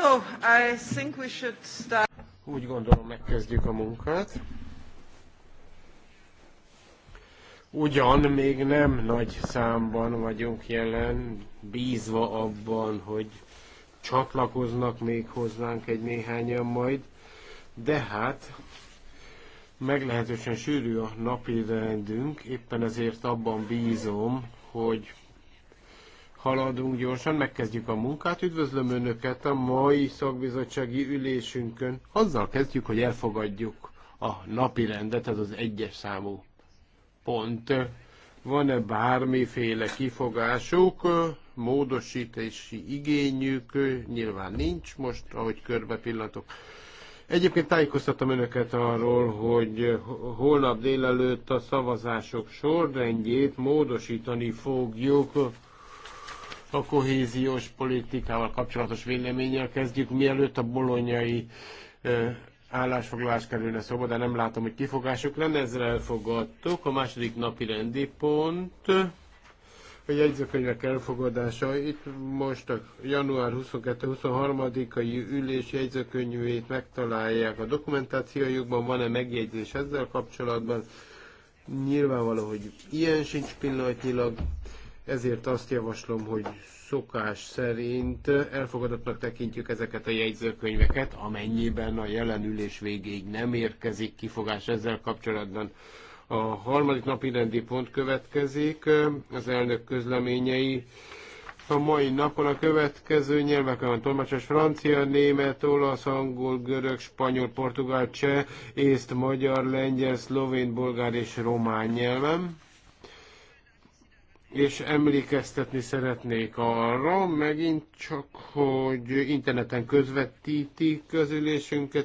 So, I think we should start. Úgy gondolom, megkezdjük a munkát. Ugyan még nem nagy számban vagyunk jelen, bízva abban, hogy csatlakoznak még hozzánk egy néhányan majd, de hát meglehetősen sűrű a napi rendünk, éppen ezért abban bízom, hogy haladunk gyorsan, megkezdjük a munkát. Üdvözlöm Önöket a mai szakbizottsági ülésünkön. Azzal kezdjük, hogy elfogadjuk a napi rendet, ez az egyes számú pont. Van-e bármiféle kifogásuk, módosítási igényük? Nyilván nincs most, ahogy körbe pillantok. Egyébként tájékoztatom önöket arról, hogy holnap délelőtt a szavazások sorrendjét módosítani fogjuk a kohéziós politikával kapcsolatos véleménnyel kezdjük, mielőtt a bolonyai állásfoglalás kerülne szóba, de nem látom, hogy kifogásuk lenne. Ezzel elfogadtuk. A második napi rendi pont a jegyzőkönyvek elfogadása. Itt most a január 22-23-ai ülés jegyzőkönyvét megtalálják a dokumentációjukban. Van-e megjegyzés ezzel kapcsolatban? Nyilvánvaló, hogy ilyen sincs pillanatnyilag. Ezért azt javaslom, hogy szokás szerint elfogadottnak tekintjük ezeket a jegyzőkönyveket, amennyiben a jelenülés végéig nem érkezik kifogás ezzel kapcsolatban. A harmadik napi rendi pont következik, az elnök közleményei. A mai napon a következő nyelveken van tolmácsos francia, német, olasz, angol, görög, spanyol, portugál, cseh, észt, magyar, lengyel, szlovén, bolgár és román nyelven és emlékeztetni szeretnék arra, megint csak, hogy interneten közvetítik az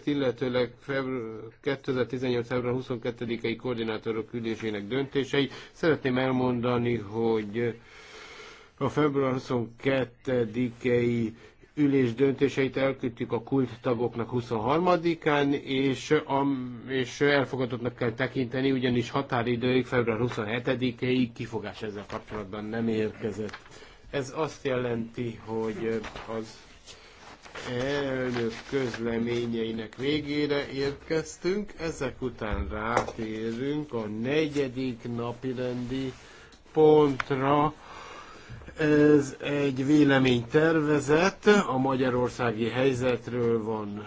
illetőleg február 2018. február 22-i koordinátorok ülésének döntései. Szeretném elmondani, hogy a február 22-i ülés döntéseit elküldtük a kult tagoknak 23-án, és, a, és elfogadottnak kell tekinteni, ugyanis határidőig február 27-ig kifogás ezzel kapcsolatban nem érkezett. Ez azt jelenti, hogy az elnök közleményeinek végére érkeztünk, ezek után rátérünk a negyedik napi rendi pontra, ez egy véleménytervezet, a magyarországi helyzetről van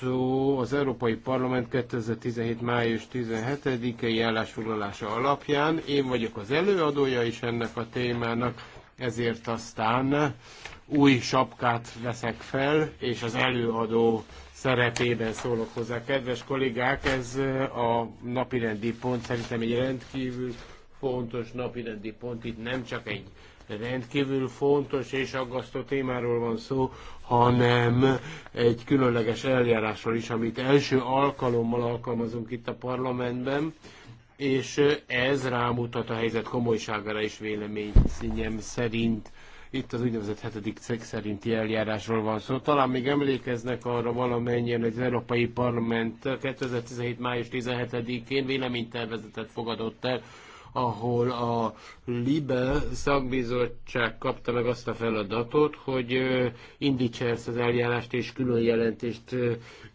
szó. Az Európai Parlament 2017. május 17-i állásfoglalása alapján én vagyok az előadója is ennek a témának, ezért aztán új sapkát veszek fel, és az előadó szerepében szólok hozzá. Kedves kollégák, ez a napirendi pont szerintem egy rendkívül fontos napirendi pont. Itt nem csak egy rendkívül fontos és aggasztó témáról van szó, hanem egy különleges eljárásról is, amit első alkalommal alkalmazunk itt a parlamentben, és ez rámutat a helyzet komolyságára vélemény színjem szerint. Itt az úgynevezett hetedik cég szerinti eljárásról van szó. Talán még emlékeznek arra valamennyien, hogy az Európai Parlament 2017. május 17-én véleménytervezetet fogadott el ahol a LIBE szakbizottság kapta meg azt a feladatot, hogy indítsa ezt az eljárást és külön jelentést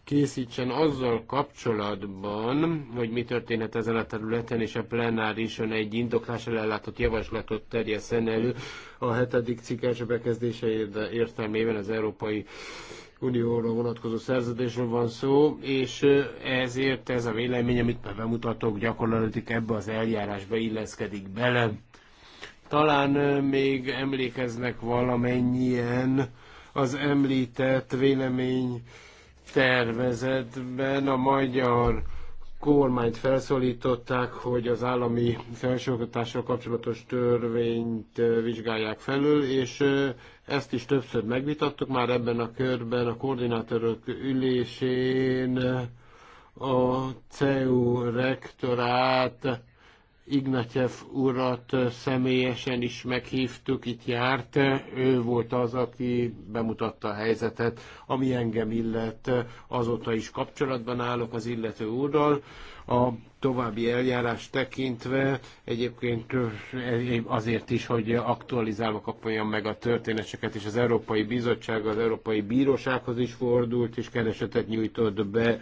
készítsen azzal kapcsolatban, hogy mi történhet ezen a területen, és a plenárison egy indoklással ellátott javaslatot terjeszen elő a hetedik első bekezdése értelmében az Európai Unióra vonatkozó szerződésről van szó, és ezért ez a vélemény, amit bemutatok, gyakorlatilag ebbe az eljárásba illeszkedik bele. Talán még emlékeznek valamennyien az említett vélemény tervezetben a magyar kormányt felszólították, hogy az állami felsőoktatással kapcsolatos törvényt vizsgálják felül, és ezt is többször megvitattuk már ebben a körben, a koordinátorok ülésén a CEU rektorát Ignatyev urat személyesen is meghívtuk, itt járt, ő volt az, aki bemutatta a helyzetet, ami engem illet, azóta is kapcsolatban állok az illető úrral a további eljárás tekintve egyébként azért is, hogy aktualizálva kapjon meg a történeteket, és az Európai Bizottság az Európai Bírósághoz is fordult, és keresetet nyújtott be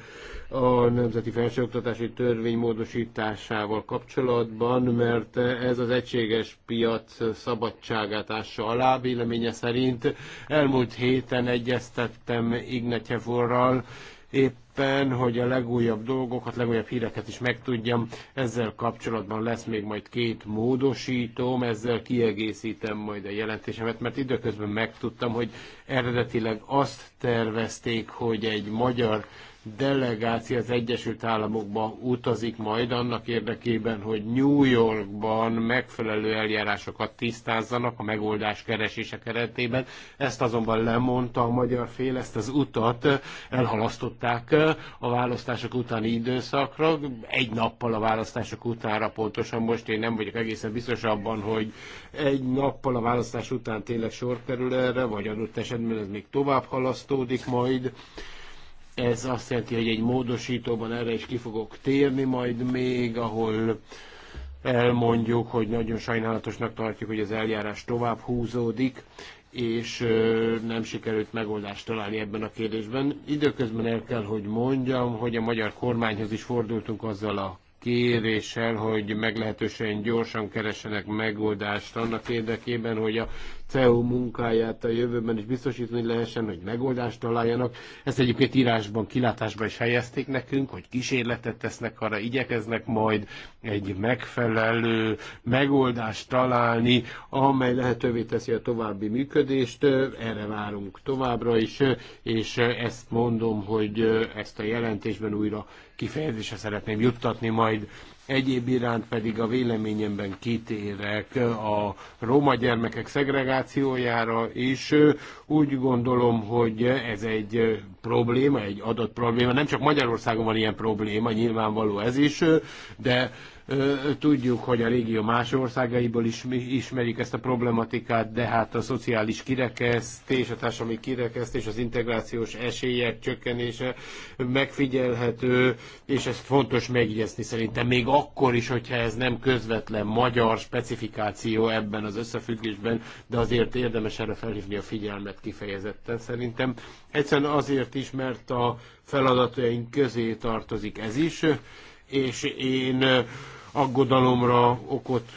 a Nemzeti Felsőoktatási Törvény módosításával kapcsolatban, mert ez az egységes piac szabadságát ássa alá, véleménye szerint. Elmúlt héten egyeztettem Ignatyevorral, épp mindenképpen, hogy a legújabb dolgokat, legújabb híreket is megtudjam. Ezzel kapcsolatban lesz még majd két módosítóm, ezzel kiegészítem majd a jelentésemet, mert időközben megtudtam, hogy eredetileg azt tervezték, hogy egy magyar delegáció az Egyesült Államokba utazik majd annak érdekében, hogy New Yorkban megfelelő eljárásokat tisztázzanak a megoldás keresése keretében. Ezt azonban lemondta a magyar fél, ezt az utat elhalasztották a választások utáni időszakra. Egy nappal a választások utánra pontosan most én nem vagyok egészen biztos abban, hogy egy nappal a választás után tényleg sor kerül erre, vagy adott esetben ez még tovább halasztódik majd. Ez azt jelenti, hogy egy módosítóban erre is ki fogok térni majd még, ahol elmondjuk, hogy nagyon sajnálatosnak tartjuk, hogy az eljárás tovább húzódik, és nem sikerült megoldást találni ebben a kérdésben. Időközben el kell, hogy mondjam, hogy a magyar kormányhoz is fordultunk azzal a kéréssel, hogy meglehetősen gyorsan keresenek megoldást annak érdekében, hogy a CEU munkáját a jövőben is biztosítani lehessen, hogy megoldást találjanak. Ezt egyébként írásban, kilátásban is helyezték nekünk, hogy kísérletet tesznek arra, igyekeznek majd egy megfelelő megoldást találni, amely lehetővé teszi a további működést. Erre várunk továbbra is, és ezt mondom, hogy ezt a jelentésben újra kifejezésre szeretném juttatni majd. Egyéb iránt pedig a véleményemben kitérek a roma gyermekek szegregációjára, és úgy gondolom, hogy ez egy probléma, egy adott probléma. Nem csak Magyarországon van ilyen probléma, nyilvánvaló ez is, de Tudjuk, hogy a régió más országaiból is ismerik ezt a problematikát, de hát a szociális kirekesztés, a társadalmi kirekesztés, az integrációs esélyek csökkenése megfigyelhető, és ezt fontos megjegyezni szerintem még akkor is, hogyha ez nem közvetlen magyar specifikáció ebben az összefüggésben, de azért érdemes erre felhívni a figyelmet kifejezetten szerintem. Egyszerűen azért is, mert a feladataink közé tartozik ez is, és én aggodalomra okot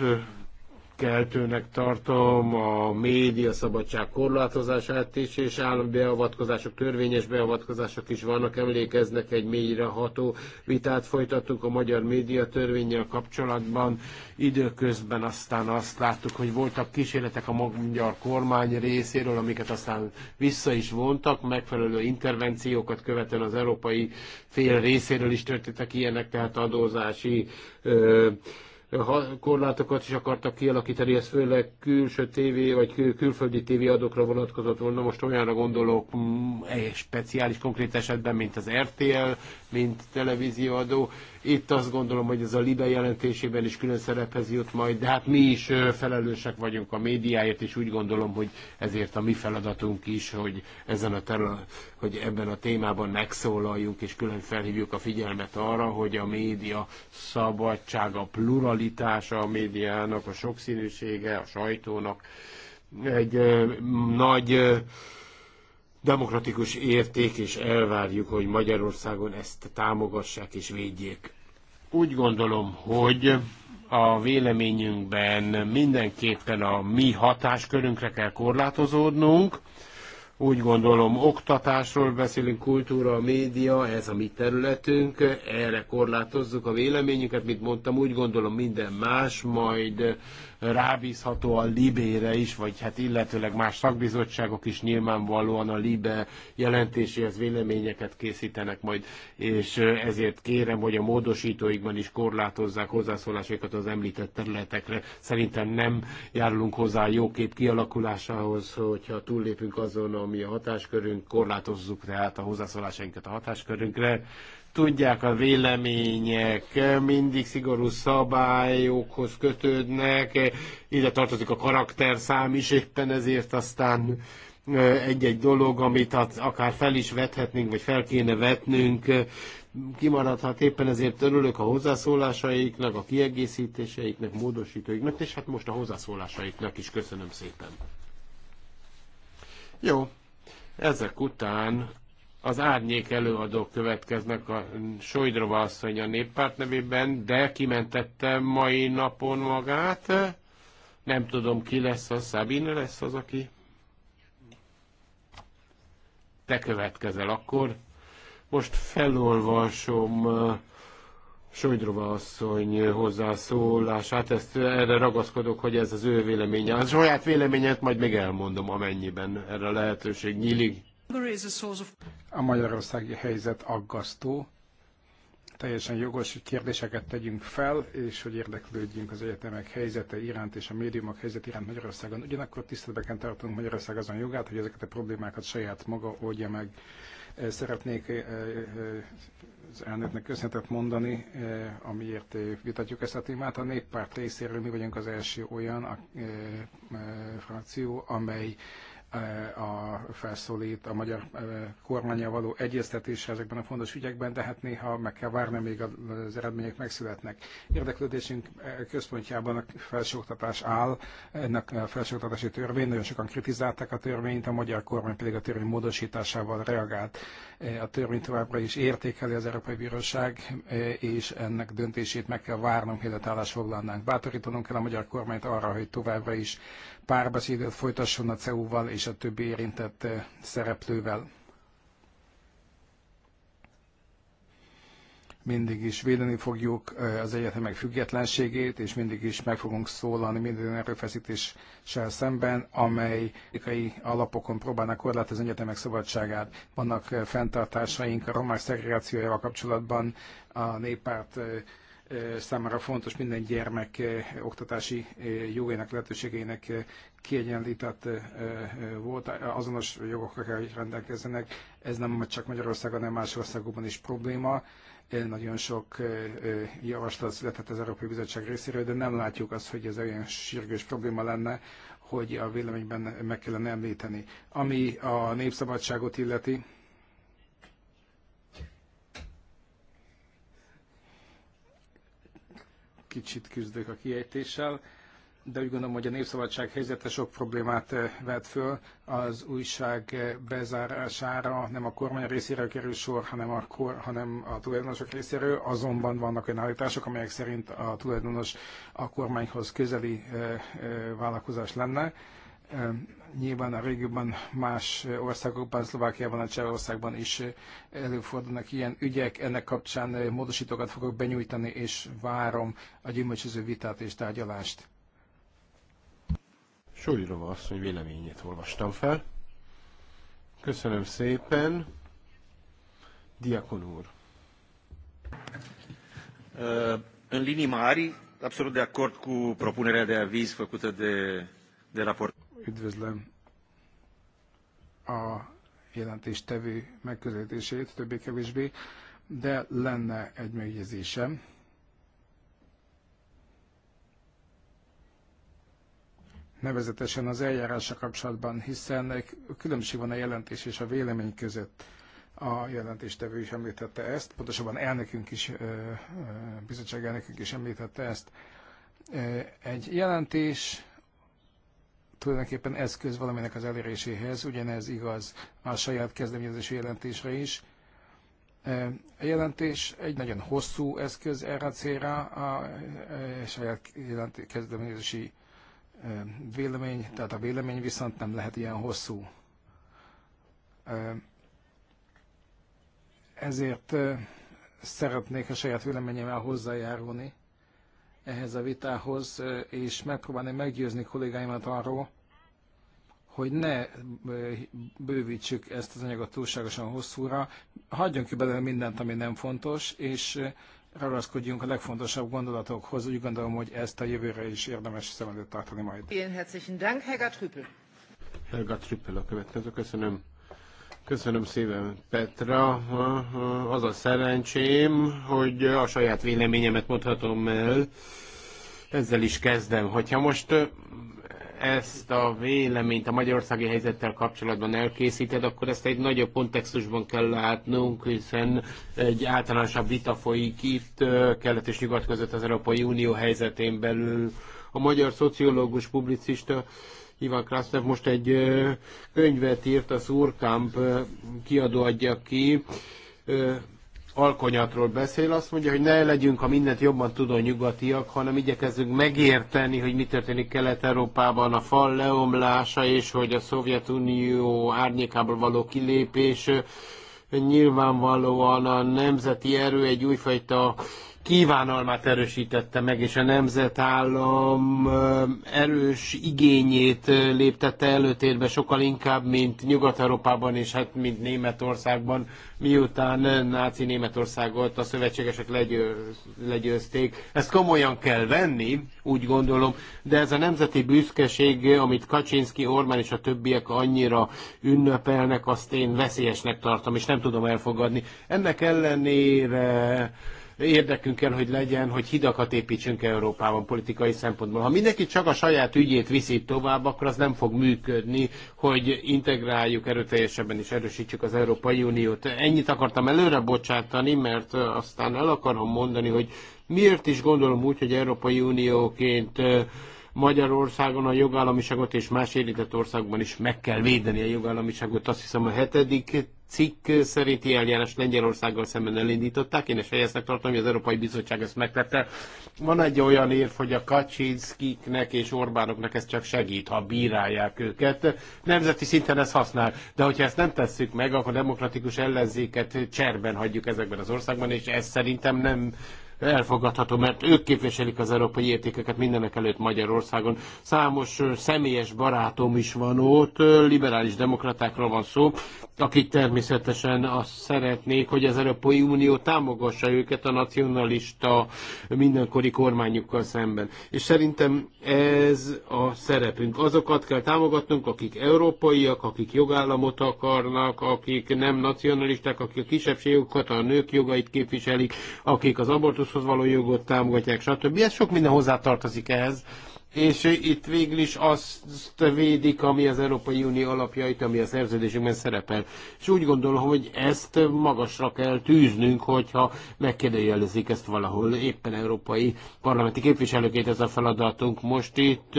keltőnek tartom a média szabadság korlátozását is, és állami beavatkozások, törvényes beavatkozások is vannak, emlékeznek egy mélyre ható vitát folytattuk a magyar média törvényel kapcsolatban. Időközben aztán azt láttuk, hogy voltak kísérletek a magyar kormány részéről, amiket aztán vissza is vontak, megfelelő intervenciókat követően az európai fél részéről is történtek ilyenek, tehát adózási ö, korlátokat is akartak kialakítani, ez főleg külső tévé vagy kül- külföldi tévé adókra vonatkozott volna. Most olyanra gondolok mm, egy speciális konkrét esetben, mint az RTL mint televízióadó. Itt azt gondolom, hogy ez a LIBE jelentésében is külön szerephez jut majd, de hát mi is felelősek vagyunk a médiáért, és úgy gondolom, hogy ezért a mi feladatunk is, hogy, ezen a terület, hogy ebben a témában megszólaljunk, és külön felhívjuk a figyelmet arra, hogy a média szabadsága, a pluralitása a médiának, a sokszínűsége, a sajtónak egy nagy demokratikus érték, és elvárjuk, hogy Magyarországon ezt támogassák és védjék. Úgy gondolom, hogy a véleményünkben mindenképpen a mi hatáskörünkre kell korlátozódnunk, úgy gondolom, oktatásról beszélünk, kultúra, média, ez a mi területünk, erre korlátozzuk a véleményünket, mint mondtam, úgy gondolom minden más, majd rábízható a Libére is, vagy hát illetőleg más szakbizottságok is nyilvánvalóan a Libe jelentéséhez véleményeket készítenek majd, és ezért kérem, hogy a módosítóikban is korlátozzák hozzászólásokat az említett területekre. Szerintem nem járulunk hozzá a jó kép kialakulásához, hogyha túllépünk azon, a mi a hatáskörünk, korlátozzuk tehát a hozzászólásainkat a hatáskörünkre. Tudják, a vélemények mindig szigorú szabályokhoz kötődnek, ide tartozik a karakterszám is, éppen ezért aztán egy-egy dolog, amit akár fel is vethetnénk, vagy fel kéne vetnünk, kimaradhat. Éppen ezért örülök a hozzászólásaiknak, a kiegészítéseiknek, módosítóiknak, és hát most a hozzászólásaiknak is köszönöm szépen. Jó, ezek után az árnyék előadók következnek, a Sojdrova asszony a néppárt nevében, de kimentette mai napon magát. Nem tudom, ki lesz az, Szabine lesz az, aki te következel akkor. Most felolvasom Sojdrova asszony hozzászólását, ezt erre ragaszkodok, hogy ez az ő véleménye. A saját véleményet majd még elmondom, amennyiben erre lehetőség nyílik. A magyarországi helyzet aggasztó. Teljesen jogos, hogy kérdéseket tegyünk fel, és hogy érdeklődjünk az egyetemek helyzete iránt és a médiumok helyzet iránt Magyarországon. Ugyanakkor tiszteletben tartunk Magyarország azon jogát, hogy ezeket a problémákat saját maga oldja meg Szeretnék az elnöknek köszönetet mondani, amiért vitatjuk ezt a témát. A néppárt részéről mi vagyunk az első olyan a frakció, amely a felszólít a magyar eh, kormánya való egyeztetésre ezekben a fontos ügyekben, de hát néha meg kell várni, még az eredmények megszületnek. Érdeklődésünk eh, központjában a felsőoktatás áll, ennek a felsőoktatási törvény, nagyon sokan kritizálták a törvényt, a magyar kormány pedig a törvény módosításával reagált. Eh, a törvény továbbra is értékeli az Európai Bíróság, és ennek döntését meg kell várnunk, mielőtt állásfoglalnánk. Bátorítanunk kell a magyar kormányt arra, hogy továbbra is párbeszédet folytasson a CEU-val és a többi érintett eh, szereplővel. Mindig is védeni fogjuk eh, az egyetemek függetlenségét, és mindig is meg fogunk szólalni minden erőfeszítéssel szemben, amely politikai alapokon próbálnak korlátozni az egyetemek szabadságát. Vannak eh, fenntartásaink a romák szegregációjával kapcsolatban, a néppárt számára fontos minden gyermek eh, oktatási eh, jogainak, lehetőségeinek eh, kiegyenlített volt, azonos jogokra kell, hogy rendelkezzenek. Ez nem csak Magyarországon, hanem más országokban is probléma. Nagyon sok javaslat született az Európai Bizottság részéről, de nem látjuk azt, hogy ez olyan sürgős probléma lenne, hogy a véleményben meg kellene említeni. Ami a népszabadságot illeti, kicsit küzdök a kiejtéssel, de úgy gondolom, hogy a népszabadság helyzete sok problémát eh, vet föl. Az újság eh, bezárására nem a kormány részéről kerül sor, hanem a, kor, hanem a tulajdonosok részéről. Azonban vannak olyan állítások, amelyek szerint a tulajdonos a kormányhoz közeli eh, vállalkozás lenne Nyilván a régióban más országokban, Szlovákiában, Csehországban is előfordulnak ilyen ügyek. Ennek kapcsán módosítókat fogok benyújtani, és várom a gyümölcsöző vitát és tárgyalást. Sólyrova asszony véleményét olvastam fel. Köszönöm szépen. Diakon úr. În linii mari, absolut de acord cu propunerea de aviz făcută de, de raport. Üdvözlöm a jelentéstevő megközelítését többé-kevésbé, de lenne egy megjegyzésem. nevezetesen az eljárása kapcsolatban, hiszen különbség van a jelentés és a vélemény között. A jelentéstevő is említette ezt, pontosabban elnökünk is, bizottság elnökünk is említette ezt. Egy jelentés tulajdonképpen eszköz valaminek az eléréséhez, ugyanez igaz a saját kezdeményezési jelentésre is. E, a jelentés egy nagyon hosszú eszköz erre a célra, a e, e, saját kezdeményezési vélemény, tehát a vélemény viszont nem lehet ilyen hosszú. Ezért szeretnék a saját véleményemmel hozzájárulni ehhez a vitához, és megpróbálni meggyőzni kollégáimat arról, hogy ne bővítsük ezt az anyagot túlságosan hosszúra, hagyjunk ki belőle mindent, ami nem fontos, és ragaszkodjunk a legfontosabb gondolatokhoz. Úgy gondolom, hogy ezt a jövőre is érdemes szem előtt tartani majd. Én herzlichen Dank, Helga Trüppel. Helga Trüppel a következő. Köszönöm. Köszönöm szépen, Petra. Az a szerencsém, hogy a saját véleményemet mondhatom el. Ezzel is kezdem. Hogyha most ezt a véleményt a magyarországi helyzettel kapcsolatban elkészíted, akkor ezt egy nagyobb kontextusban kell látnunk, hiszen egy általánosabb vita folyik itt kelet és nyugat között az Európai Unió helyzetén belül. A magyar szociológus, publicista Ivan Krasznev most egy könyvet írt, a Szurkamp kiadó adja ki, alkonyatról beszél, azt mondja, hogy ne legyünk, ha mindent jobban tudó nyugatiak, hanem igyekezzünk megérteni, hogy mi történik Kelet-Európában, a fal leomlása, és hogy a Szovjetunió árnyékából való kilépés nyilvánvalóan a nemzeti erő egy újfajta kívánalmát erősítette meg, és a nemzetállam erős igényét léptette előtérbe sokkal inkább, mint Nyugat-Európában és hát mint Németországban, miután náci Németországot a szövetségesek legyőzték. Ezt komolyan kell venni, úgy gondolom, de ez a nemzeti büszkeség, amit Kaczynski, Orbán és a többiek annyira ünnepelnek, azt én veszélyesnek tartom, és nem tudom elfogadni. Ennek ellenére érdekünk kell, hogy legyen, hogy hidakat építsünk Európában politikai szempontból. Ha mindenki csak a saját ügyét viszi tovább, akkor az nem fog működni, hogy integráljuk erőteljesebben és erősítsük az Európai Uniót. Ennyit akartam előre bocsátani, mert aztán el akarom mondani, hogy miért is gondolom úgy, hogy Európai Unióként Magyarországon a jogállamiságot és más érintett országban is meg kell védeni a jogállamiságot. Azt hiszem a hetedik cikk szerinti eljárás Lengyelországgal szemben elindították. Én is helyesnek tartom, hogy az Európai Bizottság ezt megtette. Van egy olyan érv, hogy a Kaczynszkiknek és Orbánoknak ez csak segít, ha bírálják őket. Nemzeti szinten ez használ. De hogyha ezt nem tesszük meg, akkor demokratikus ellenzéket cserben hagyjuk ezekben az országban, és ez szerintem nem elfogadható, mert ők képviselik az európai értékeket mindenek előtt Magyarországon. Számos személyes barátom is van ott, liberális demokratákról van szó, akik természetesen azt szeretnék, hogy az Európai Unió támogassa őket a nacionalista mindenkori kormányukkal szemben. És szerintem ez a szerepünk. Azokat kell támogatnunk, akik európaiak, akik jogállamot akarnak, akik nem nacionalisták, akik a kisebbségokat, a nők jogait képviselik, akik az abortusz lakáshoz való jogot támogatják, stb. Ez sok minden hozzátartozik ehhez, és itt végül is azt védik, ami az Európai Unió alapjait, ami a szerződésünkben szerepel. És úgy gondolom, hogy ezt magasra kell tűznünk, hogyha megkérdőjelezik ezt valahol. Éppen európai parlamenti képviselőként ez a feladatunk. Most itt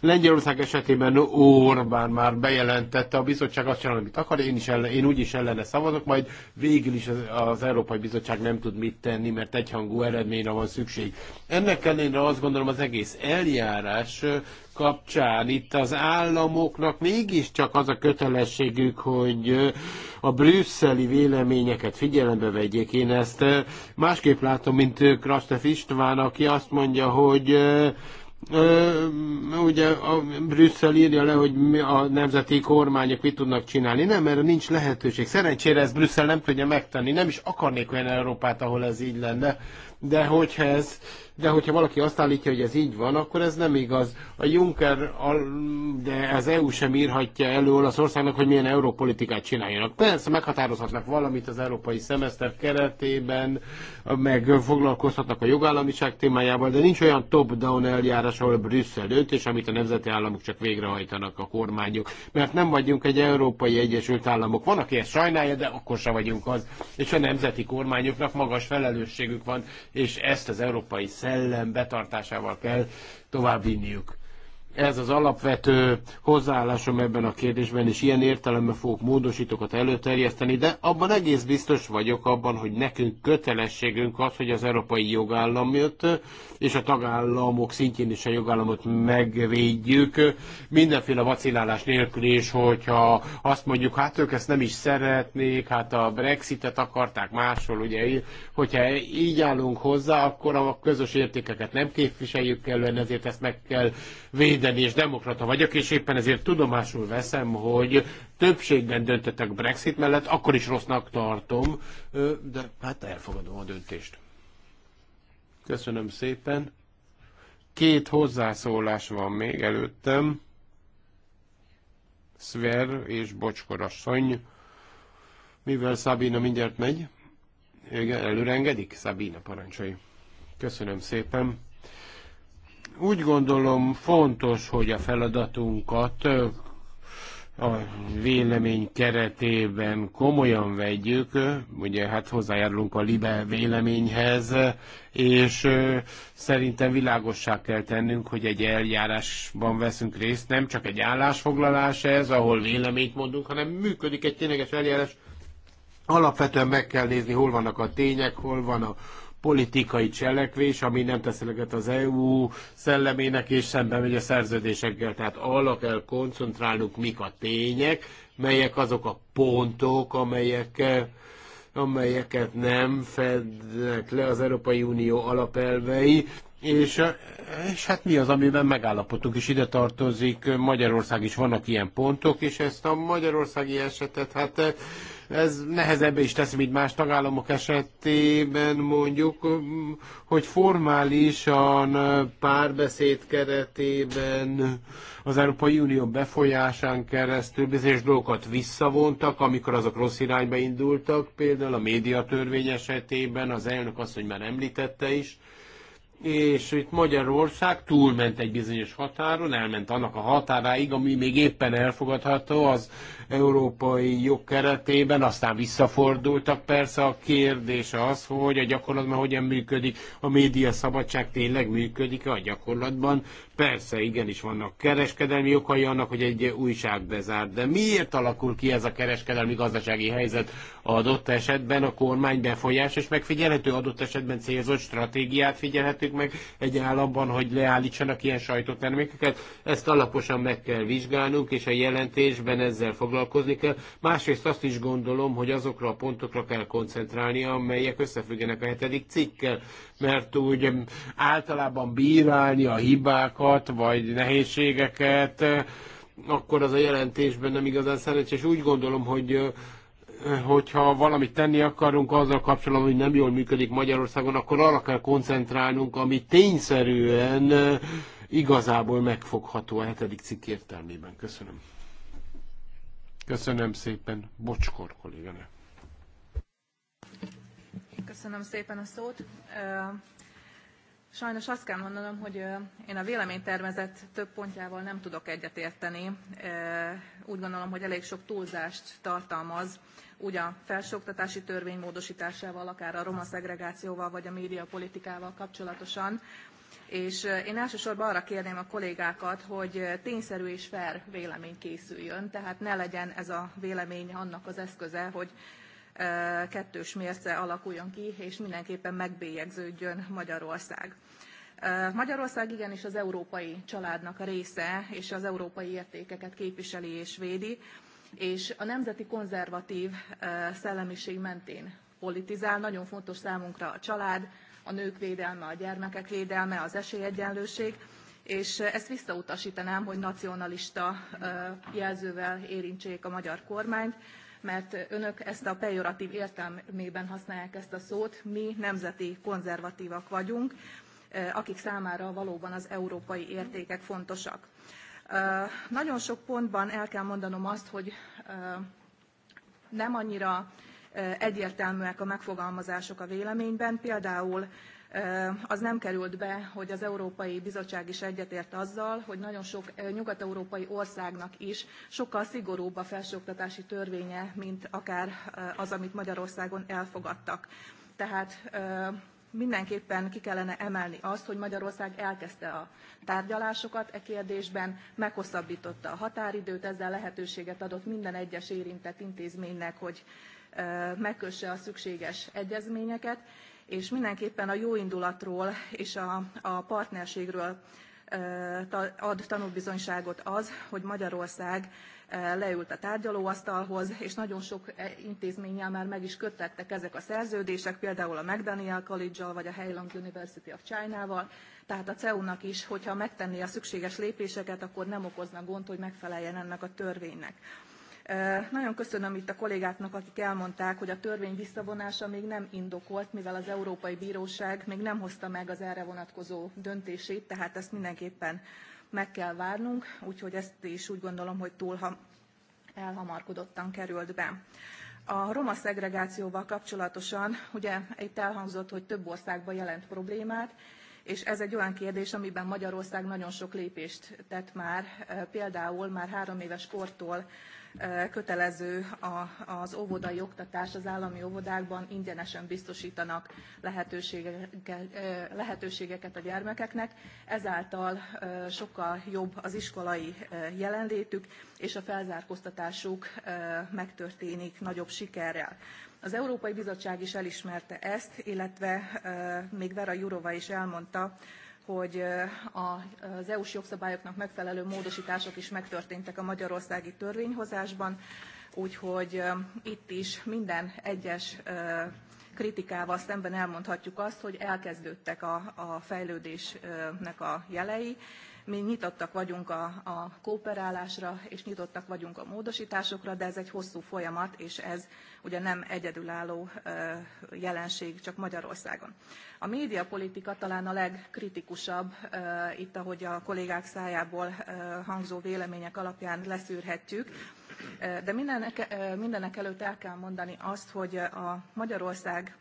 Lengyelország esetében Orbán már bejelentette, a bizottság azt csinálni, amit akar, én, is ellen, én úgy is ellene szavazok, majd végül is az, az Európai Bizottság nem tud mit tenni, mert egyhangú eredményre van szükség. Ennek ellenére azt gondolom az egész eljárás eljárás kapcsán itt az államoknak mégiscsak az a kötelességük, hogy a brüsszeli véleményeket figyelembe vegyék. Én ezt másképp látom, mint Krastef István, aki azt mondja, hogy Ö, ugye a Brüsszel írja le, hogy mi a nemzeti kormányok mit tudnak csinálni. Nem, erre nincs lehetőség. Szerencsére ezt Brüsszel nem tudja megtenni. Nem is akarnék olyan Európát, ahol ez így lenne. De hogyha ez de hogyha valaki azt állítja, hogy ez így van, akkor ez nem igaz. A Juncker, de az EU sem írhatja elő Olaszországnak, hogy milyen európolitikát csináljanak. Persze meghatározhatnak valamit az európai szemeszter keretében, meg foglalkozhatnak a jogállamiság témájával, de nincs olyan top-down eljárás, ahol Brüsszel dönt, és amit a nemzeti államok csak végrehajtanak a kormányok. Mert nem vagyunk egy Európai Egyesült Államok. Van, aki ezt sajnálja, de akkor sem vagyunk az. És a nemzeti kormányoknak magas felelősségük van, és ezt az európai szemeszter szellem betartásával kell továbbvinniük ez az alapvető hozzáállásom ebben a kérdésben, és ilyen értelemben fogok módosítókat előterjeszteni, de abban egész biztos vagyok abban, hogy nekünk kötelességünk az, hogy az európai jogállam jött, és a tagállamok szintjén is a jogállamot megvédjük, mindenféle vacilálás nélkül is, hogyha azt mondjuk, hát ők ezt nem is szeretnék, hát a Brexitet akarták máshol, ugye, hogyha így állunk hozzá, akkor a közös értékeket nem képviseljük kellően, ezért ezt meg kell védeni mondani, és demokrata vagyok, és éppen ezért tudomásul veszem, hogy többségben döntöttek Brexit mellett, akkor is rossznak tartom, de hát elfogadom a döntést. Köszönöm szépen. Két hozzászólás van még előttem. Szver és Bocskorasszony. Mivel Szabina mindjárt megy, igen, előre engedik? Szabina parancsai. Köszönöm szépen. Úgy gondolom fontos, hogy a feladatunkat a vélemény keretében komolyan vegyük, ugye hát hozzájárulunk a libe véleményhez, és szerintem világossá kell tennünk, hogy egy eljárásban veszünk részt, nem csak egy állásfoglalás ez, ahol véleményt mondunk, hanem működik egy tényleges eljárás. Alapvetően meg kell nézni, hol vannak a tények, hol van a politikai cselekvés, ami nem tesz eleget az EU szellemének, és szembe megy a szerződésekkel. Tehát arra kell koncentrálnunk, mik a tények, melyek azok a pontok, amelyek amelyeket nem fednek le az Európai Unió alapelvei, és, és hát mi az, amiben megállapodtunk, és ide tartozik Magyarország is vannak ilyen pontok, és ezt a magyarországi esetet hát ez nehezebbe is teszi, mint más tagállamok esetében mondjuk, hogy formálisan párbeszéd keretében az Európai Unió befolyásán keresztül bizonyos dolgokat visszavontak, amikor azok rossz irányba indultak, például a médiatörvény esetében, az elnök azt, hogy már említette is, és itt Magyarország túlment egy bizonyos határon, elment annak a határáig, ami még éppen elfogadható az európai jog keretében, aztán visszafordultak persze. A kérdés az, hogy a gyakorlatban hogyan működik, a média szabadság tényleg működik a gyakorlatban. Persze, igenis vannak kereskedelmi okai annak, hogy egy újság bezárt, de miért alakul ki ez a kereskedelmi gazdasági helyzet adott esetben a kormány befolyás és megfigyelhető adott esetben célzott stratégiát figyelhetünk meg egy államban, hogy leállítsanak ilyen sajtótermékeket. Ezt alaposan meg kell vizsgálnunk, és a jelentésben ezzel foglalkozunk foglalkozni kell. Másrészt azt is gondolom, hogy azokra a pontokra kell koncentrálni, amelyek összefüggenek a hetedik cikkkel, mert úgy általában bírálni a hibákat, vagy nehézségeket, akkor az a jelentésben nem igazán szerencsés. Úgy gondolom, hogy hogyha valamit tenni akarunk azzal kapcsolatban, hogy nem jól működik Magyarországon, akkor arra kell koncentrálnunk, ami tényszerűen igazából megfogható a hetedik cikk értelmében. Köszönöm. Köszönöm szépen, Bocskor kolléganő. Köszönöm szépen a szót. Sajnos azt kell mondanom, hogy én a véleménytervezet több pontjával nem tudok egyetérteni. Úgy gondolom, hogy elég sok túlzást tartalmaz, úgy a felsőoktatási törvény módosításával, akár a roma szegregációval, vagy a médiapolitikával kapcsolatosan, és én elsősorban arra kérném a kollégákat, hogy tényszerű és fair vélemény készüljön, tehát ne legyen ez a vélemény annak az eszköze, hogy kettős mérce alakuljon ki, és mindenképpen megbélyegződjön Magyarország. Magyarország igenis az európai családnak a része, és az európai értékeket képviseli és védi, és a nemzeti konzervatív szellemiség mentén politizál. Nagyon fontos számunkra a család, a nők védelme, a gyermekek védelme, az esélyegyenlőség, és ezt visszautasítanám, hogy nacionalista jelzővel érintsék a magyar kormányt, mert önök ezt a pejoratív értelmében használják ezt a szót, mi nemzeti konzervatívak vagyunk, akik számára valóban az európai értékek fontosak. Nagyon sok pontban el kell mondanom azt, hogy nem annyira egyértelműek a megfogalmazások a véleményben. Például az nem került be, hogy az Európai Bizottság is egyetért azzal, hogy nagyon sok nyugat-európai országnak is sokkal szigorúbb a felsőoktatási törvénye, mint akár az, amit Magyarországon elfogadtak. Tehát mindenképpen ki kellene emelni azt, hogy Magyarország elkezdte a tárgyalásokat e kérdésben, meghosszabbította a határidőt, ezzel lehetőséget adott minden egyes érintett intézménynek, hogy megkösse a szükséges egyezményeket, és mindenképpen a jóindulatról és a, a partnerségről ad tanúbizonyságot az, hogy Magyarország leült a tárgyalóasztalhoz, és nagyon sok e, intézménnyel már meg is kötettek ezek a szerződések, például a McDaniel college vagy a Heiland University of China-val, tehát a CEU-nak is, hogyha megtenné a szükséges lépéseket, akkor nem okozna gond, hogy megfeleljen ennek a törvénynek. Nagyon köszönöm itt a kollégáknak, akik elmondták, hogy a törvény visszavonása még nem indokolt, mivel az Európai Bíróság még nem hozta meg az erre vonatkozó döntését, tehát ezt mindenképpen meg kell várnunk, úgyhogy ezt is úgy gondolom, hogy túl elhamarkodottan került be. A roma szegregációval kapcsolatosan ugye itt elhangzott, hogy több országban jelent problémát, és ez egy olyan kérdés, amiben Magyarország nagyon sok lépést tett már, például már három éves kortól kötelező az óvodai oktatás az állami óvodákban, ingyenesen biztosítanak lehetőségeket a gyermekeknek, ezáltal sokkal jobb az iskolai jelenlétük, és a felzárkóztatásuk megtörténik nagyobb sikerrel. Az Európai Bizottság is elismerte ezt, illetve még Vera Jurova is elmondta, hogy az EU-s jogszabályoknak megfelelő módosítások is megtörténtek a magyarországi törvényhozásban, úgyhogy itt is minden egyes kritikával szemben elmondhatjuk azt, hogy elkezdődtek a, a fejlődésnek a jelei, mi nyitottak vagyunk a, a kooperálásra, és nyitottak vagyunk a módosításokra, de ez egy hosszú folyamat, és ez ugye nem egyedülálló jelenség csak Magyarországon. A médiapolitika talán a legkritikusabb, itt ahogy a kollégák szájából hangzó vélemények alapján leszűrhetjük, de mindenek, mindenek előtt el kell mondani azt, hogy a Magyarország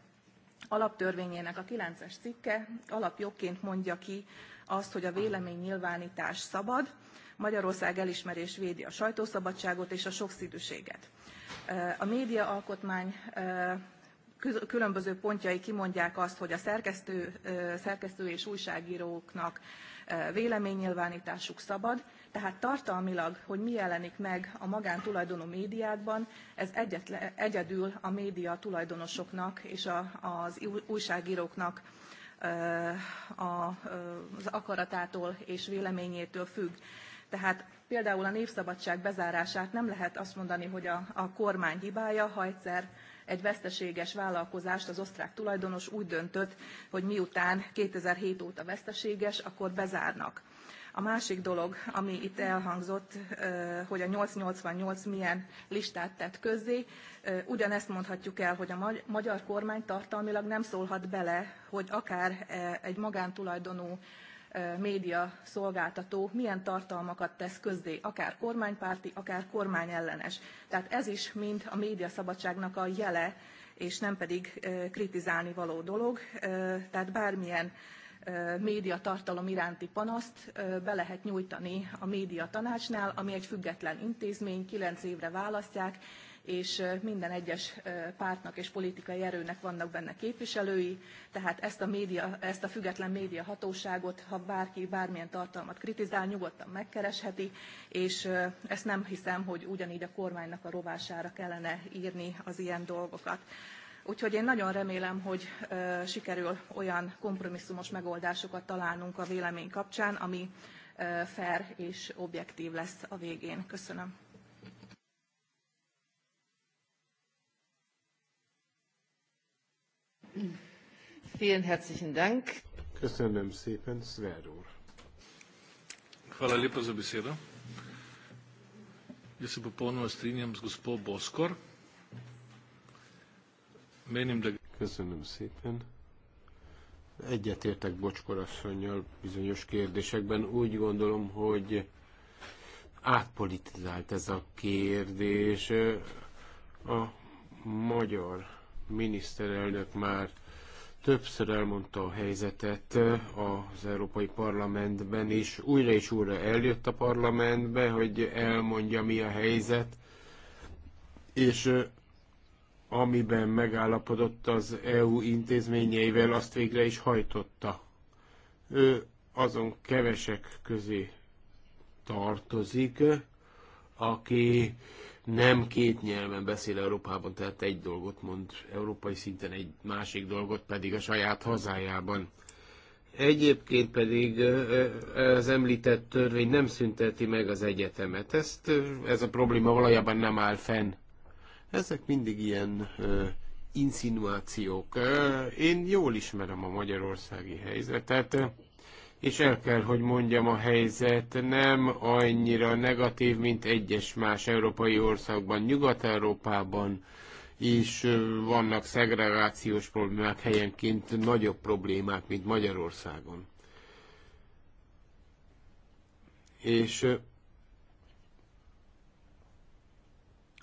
alaptörvényének a 9-es cikke alapjogként mondja ki azt, hogy a vélemény nyilvánítás szabad, Magyarország elismerés védi a sajtószabadságot és a sokszínűséget. A média alkotmány különböző pontjai kimondják azt, hogy a szerkesztő, szerkesztő és újságíróknak véleménynyilvánításuk szabad, tehát tartalmilag, hogy mi jelenik meg a magántulajdonú médiákban, ez egyetle, egyedül a média tulajdonosoknak és a, az újságíróknak az akaratától és véleményétől függ. Tehát például a névszabadság bezárását nem lehet azt mondani, hogy a, a kormány hibája, ha egyszer egy veszteséges vállalkozást az osztrák tulajdonos úgy döntött, hogy miután 2007 óta veszteséges, akkor bezárnak a másik dolog, ami itt elhangzott, hogy a 888 milyen listát tett közzé, ugyanezt mondhatjuk el, hogy a magyar kormány tartalmilag nem szólhat bele, hogy akár e, egy magántulajdonú média szolgáltató milyen tartalmakat tesz közzé, akár kormánypárti, akár kormányellenes. Tehát ez is mind a média szabadságnak a jele, és nem pedig kritizálni való dolog. Tehát bármilyen médiatartalom iránti panaszt be lehet nyújtani a média tanácsnál, ami egy független intézmény, kilenc évre választják, és minden egyes pártnak és politikai erőnek vannak benne képviselői, tehát ezt a, média, ezt a független hatóságot, ha bárki bármilyen tartalmat kritizál, nyugodtan megkeresheti, és ezt nem hiszem, hogy ugyanígy a kormánynak a rovására kellene írni az ilyen dolgokat. Úgyhogy én nagyon remélem, hogy sikerül olyan kompromisszumos megoldásokat találnunk a vélemény kapcsán, ami fair és objektív lesz a végén. Köszönöm. Vielen herzlichen Dank. Köszönöm szépen, Sver úr. Hvala lepa za besedo. Jaz se popolnoma strinjam z gospo Boskor Köszönöm szépen. Egyetértek Bocskor asszonynal bizonyos kérdésekben. Úgy gondolom, hogy átpolitizált ez a kérdés. A magyar miniszterelnök már többször elmondta a helyzetet az Európai Parlamentben is. Újra és újra eljött a parlamentbe, hogy elmondja, mi a helyzet. És amiben megállapodott az EU intézményeivel, azt végre is hajtotta. Ő azon kevesek közé tartozik, aki nem két nyelven beszél Európában, tehát egy dolgot mond európai szinten, egy másik dolgot pedig a saját hazájában. Egyébként pedig az említett törvény nem szünteti meg az egyetemet. Ezt, ez a probléma valójában nem áll fenn. Ezek mindig ilyen ö, insinuációk. Ö, én jól ismerem a magyarországi helyzetet, és el kell, hogy mondjam, a helyzet nem annyira negatív, mint egyes más európai országban, Nyugat-Európában is vannak szegregációs problémák, helyenként nagyobb problémák, mint Magyarországon. És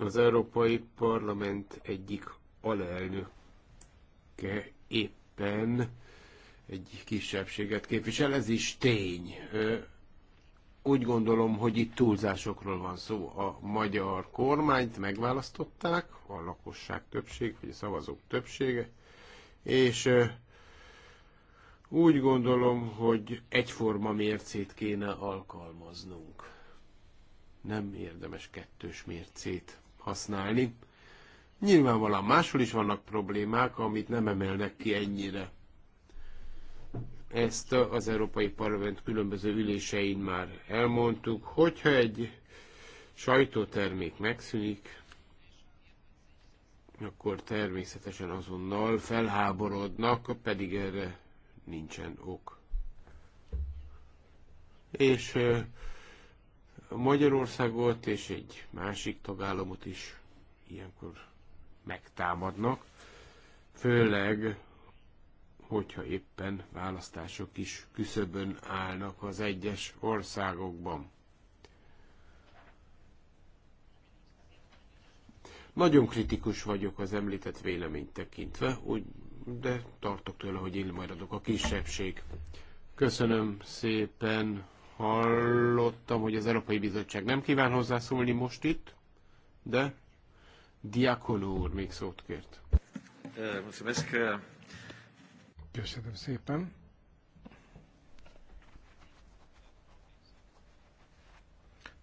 Az Európai Parlament egyik alelnöke éppen egy kisebbséget képvisel, ez is tény. Úgy gondolom, hogy itt túlzásokról van szó. A magyar kormányt megválasztották, a lakosság többség, vagy a szavazók többsége, és úgy gondolom, hogy egyforma mércét kéne alkalmaznunk. Nem érdemes kettős mércét használni. Nyilvánvalóan máshol is vannak problémák, amit nem emelnek ki ennyire. Ezt az Európai Parlament különböző ülésein már elmondtuk, hogyha egy sajtótermék megszűnik, akkor természetesen azonnal felháborodnak, pedig erre nincsen ok. És Magyarországot és egy másik tagállamot is ilyenkor megtámadnak, főleg, hogyha éppen választások is küszöbön állnak az egyes országokban. Nagyon kritikus vagyok az említett véleményt tekintve, úgy, de tartok tőle, hogy én majd adok a kisebbség. Köszönöm szépen Hallottam, hogy az Európai Bizottság nem kíván hozzászólni most itt, de Diakonó úr még szót kért. Köszönöm szépen.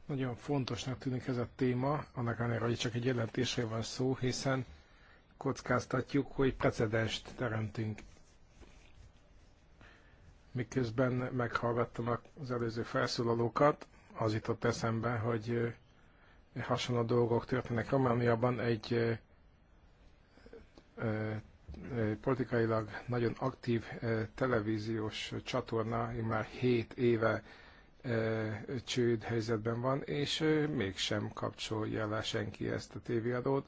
Nagyon fontosnak tűnik ez a téma, annak ellenére, hogy csak egy jelentésre van szó, hiszen kockáztatjuk, hogy precedest teremtünk miközben meghallgattam az előző felszólalókat, az jutott eszembe, hogy eh, hasonló dolgok történnek Romániában, egy eh, eh, politikailag nagyon aktív televíziós csatorna, már 7 éve csőd helyzetben van, és mégsem kapcsolja le senki ezt a tévéadót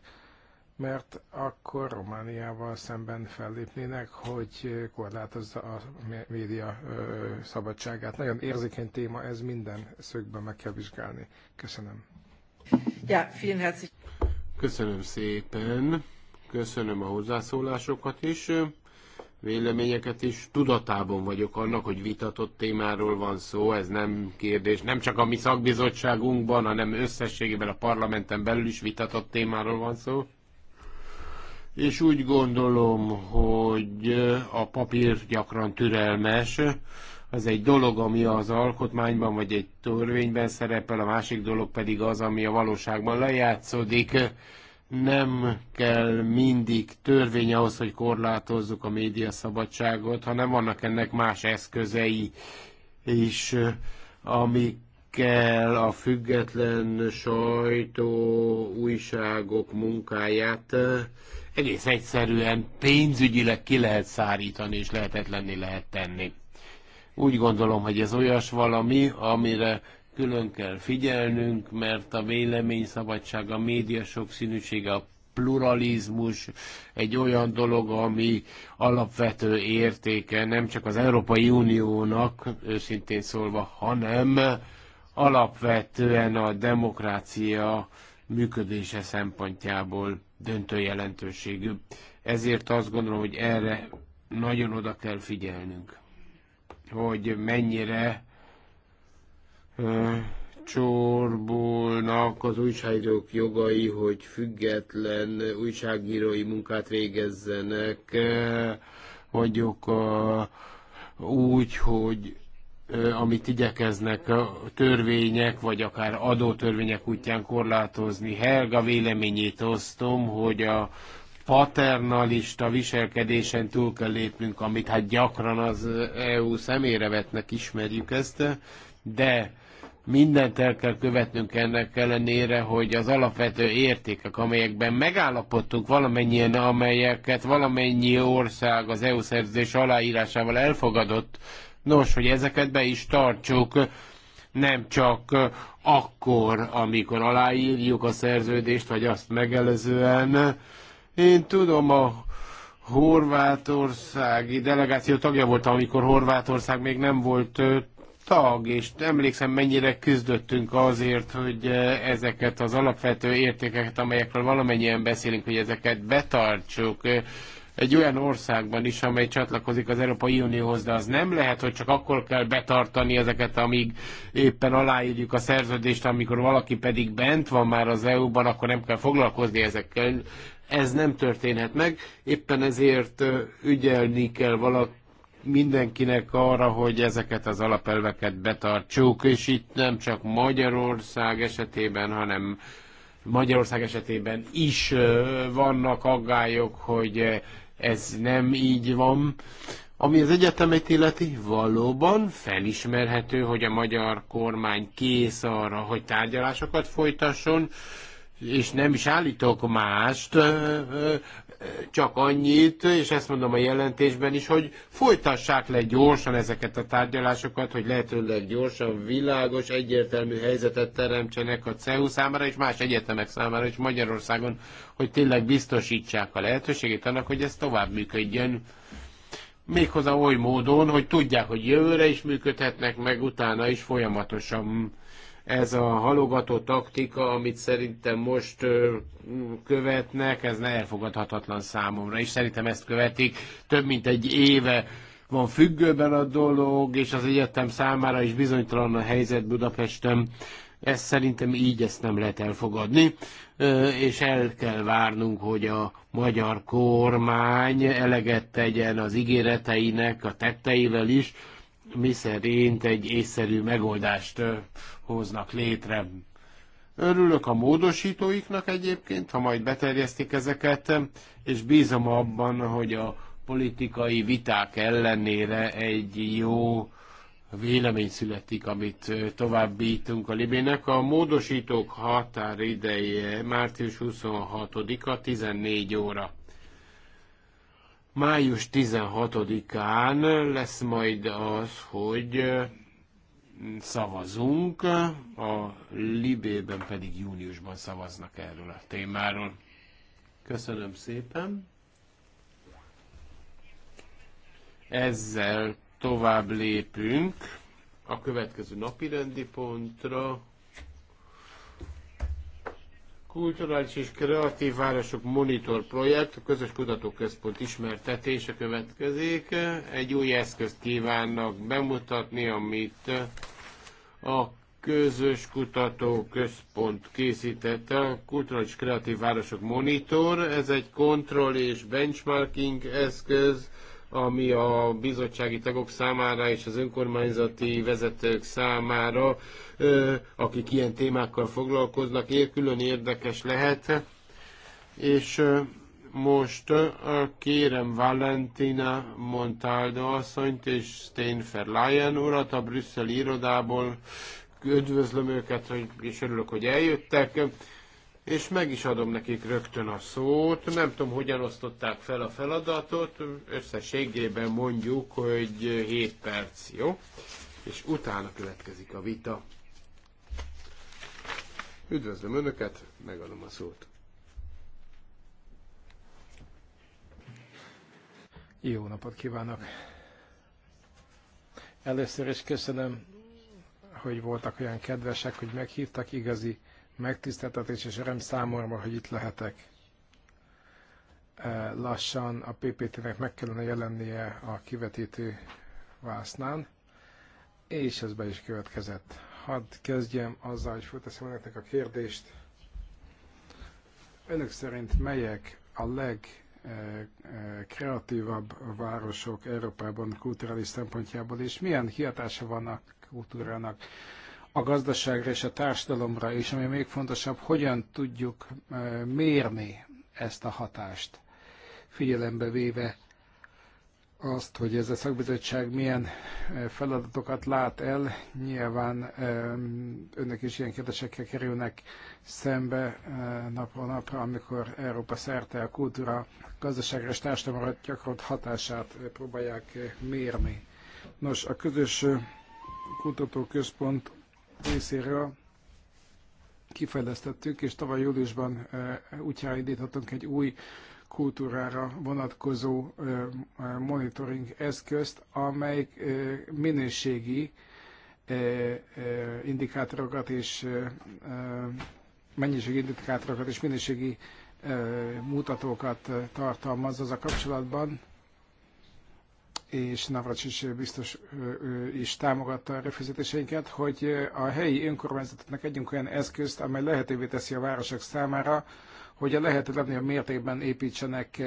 mert akkor Romániával szemben fellépnének, hogy korlátozza a média szabadságát. Nagyon érzékeny téma, ez minden szögben meg kell vizsgálni. Köszönöm. Ja, vielen herzlich. Köszönöm szépen, köszönöm a hozzászólásokat is, véleményeket is. Tudatában vagyok annak, hogy vitatott témáról van szó, ez nem kérdés, nem csak a mi szakbizottságunkban, hanem összességében a parlamenten belül is vitatott témáról van szó és úgy gondolom, hogy a papír gyakran türelmes, az egy dolog, ami az alkotmányban vagy egy törvényben szerepel, a másik dolog pedig az, ami a valóságban lejátszódik. Nem kell mindig törvény ahhoz, hogy korlátozzuk a média szabadságot, hanem vannak ennek más eszközei is, amikkel a független sajtó újságok munkáját egész egyszerűen pénzügyileg ki lehet szárítani és lehetetlenné lehet tenni. Úgy gondolom, hogy ez olyas valami, amire külön kell figyelnünk, mert a véleményszabadság, a média sokszínűsége, a pluralizmus egy olyan dolog, ami alapvető értéke nem csak az Európai Uniónak, őszintén szólva, hanem alapvetően a demokrácia működése szempontjából döntő jelentőségű. Ezért azt gondolom, hogy erre nagyon oda kell figyelnünk, hogy mennyire ö, csorbulnak az újságírók jogai, hogy független újságírói munkát végezzenek, vagyok úgy, hogy amit igyekeznek a törvények, vagy akár adótörvények útján korlátozni. Helga véleményét osztom, hogy a paternalista viselkedésen túl kell lépnünk, amit hát gyakran az EU szemére vetnek, ismerjük ezt, de mindent el kell követnünk ennek ellenére, hogy az alapvető értékek, amelyekben megállapodtunk valamennyien, amelyeket valamennyi ország az EU szerződés aláírásával elfogadott, Nos, hogy ezeket be is tartsuk, nem csak akkor, amikor aláírjuk a szerződést, vagy azt megelőzően. Én tudom, a horvátországi delegáció tagja volt, amikor Horvátország még nem volt tag, és emlékszem, mennyire küzdöttünk azért, hogy ezeket az alapvető értékeket, amelyekről valamennyien beszélünk, hogy ezeket betartsuk, egy olyan országban is, amely csatlakozik az Európai Unióhoz, de az nem lehet, hogy csak akkor kell betartani ezeket, amíg éppen aláírjuk a szerződést, amikor valaki pedig bent van már az EU-ban, akkor nem kell foglalkozni ezekkel. Ez nem történhet meg, éppen ezért ügyelni kell valaki mindenkinek arra, hogy ezeket az alapelveket betartsuk, és itt nem csak Magyarország esetében, hanem Magyarország esetében is vannak aggályok, hogy ez nem így van. Ami az egyetemet illeti, valóban felismerhető, hogy a magyar kormány kész arra, hogy tárgyalásokat folytasson, és nem is állítok mást, csak annyit, és ezt mondom a jelentésben is, hogy folytassák le gyorsan ezeket a tárgyalásokat, hogy lehetőleg gyorsan, világos, egyértelmű helyzetet teremtsenek a CEU számára és más egyetemek számára és Magyarországon, hogy tényleg biztosítsák a lehetőségét annak, hogy ez tovább működjön. Méghozzá oly módon, hogy tudják, hogy jövőre is működhetnek, meg utána is folyamatosan ez a halogató taktika, amit szerintem most követnek, ez ne elfogadhatatlan számomra, és szerintem ezt követik. Több mint egy éve van függőben a dolog, és az egyetem számára is bizonytalan a helyzet Budapesten. Ezt szerintem így ezt nem lehet elfogadni, és el kell várnunk, hogy a magyar kormány eleget tegyen az ígéreteinek, a tetteivel is, szerint egy észszerű megoldást hoznak létre. Örülök a módosítóiknak egyébként, ha majd beterjesztik ezeket, és bízom abban, hogy a politikai viták ellenére egy jó vélemény születik, amit továbbítunk a Libének. A módosítók határideje március 26-a 14 óra. Május 16-án lesz majd az, hogy szavazunk, a Libében pedig júniusban szavaznak erről a témáról. Köszönöm szépen! Ezzel tovább lépünk a következő napi rendi pontra. Kulturális és kreatív városok monitor projekt, a közös kutatóközpont ismertetése következik. Egy új eszközt kívánnak bemutatni, amit a közös kutatóközpont készített a Kulturális Kreatív Városok Monitor. Ez egy kontroll és benchmarking eszköz, ami a bizottsági tagok számára és az önkormányzati vezetők számára, akik ilyen témákkal foglalkoznak, külön érdekes lehet. És most kérem Valentina Montaldo asszonyt és Steinfer Lyon urat a brüsszeli irodából. Üdvözlöm őket, és örülök, hogy eljöttek és meg is adom nekik rögtön a szót. Nem tudom, hogyan osztották fel a feladatot, összességében mondjuk, hogy 7 perc, jó? És utána következik a vita. Üdvözlöm Önöket, megadom a szót. Jó napot kívánok! Először is köszönöm, hogy voltak olyan kedvesek, hogy meghívtak igazi megtiszteltetés és öröm számomra, hogy itt lehetek. E, lassan a PPT-nek meg kellene jelennie a kivetítő vásznán, és ez be is következett. Hadd kezdjem azzal, hogy fölteszem önöknek a kérdést. Önök szerint melyek a legkreatívabb városok Európában kulturális szempontjából, és milyen hiatása van a kultúrának a gazdaságra és a társadalomra, és ami még fontosabb, hogyan tudjuk eh, mérni ezt a hatást, figyelembe véve azt, hogy ez a szakbizottság milyen eh, feladatokat lát el. Nyilván eh, önök is ilyen kérdésekkel kerülnek szembe napról napra, amikor Európa szerte a kultúra, gazdaságra és társadalomra gyakorolt hatását próbálják mérni. Nos, a közös kutatóközpont részéről kifejlesztettük, és tavaly júliusban útjára indítottunk egy új kultúrára vonatkozó monitoring eszközt, amely minőségi indikátorokat és mennyiségi indikátorokat és minőségi mutatókat tartalmaz az a kapcsolatban, és Navracsics biztos is támogatta a refizetéseinket, hogy a helyi önkormányzatoknak adjunk olyan eszközt, amely lehetővé teszi a városok számára, hogy a lehető legnagyobb mértékben építsenek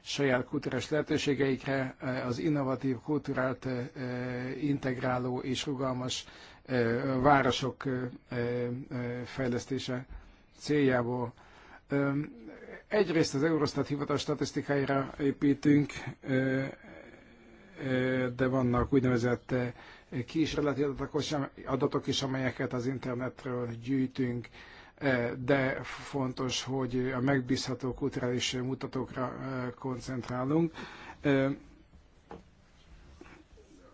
saját kultúrás lehetőségeikre az innovatív, kultúrált, integráló és rugalmas városok fejlesztése céljából. Egyrészt az Eurostat hivatalos statisztikáira építünk, de vannak úgynevezett eh, kísérleti adatok is, amelyeket az internetről gyűjtünk, eh, de fontos, hogy a megbízható kulturális mutatókra eh, koncentrálunk.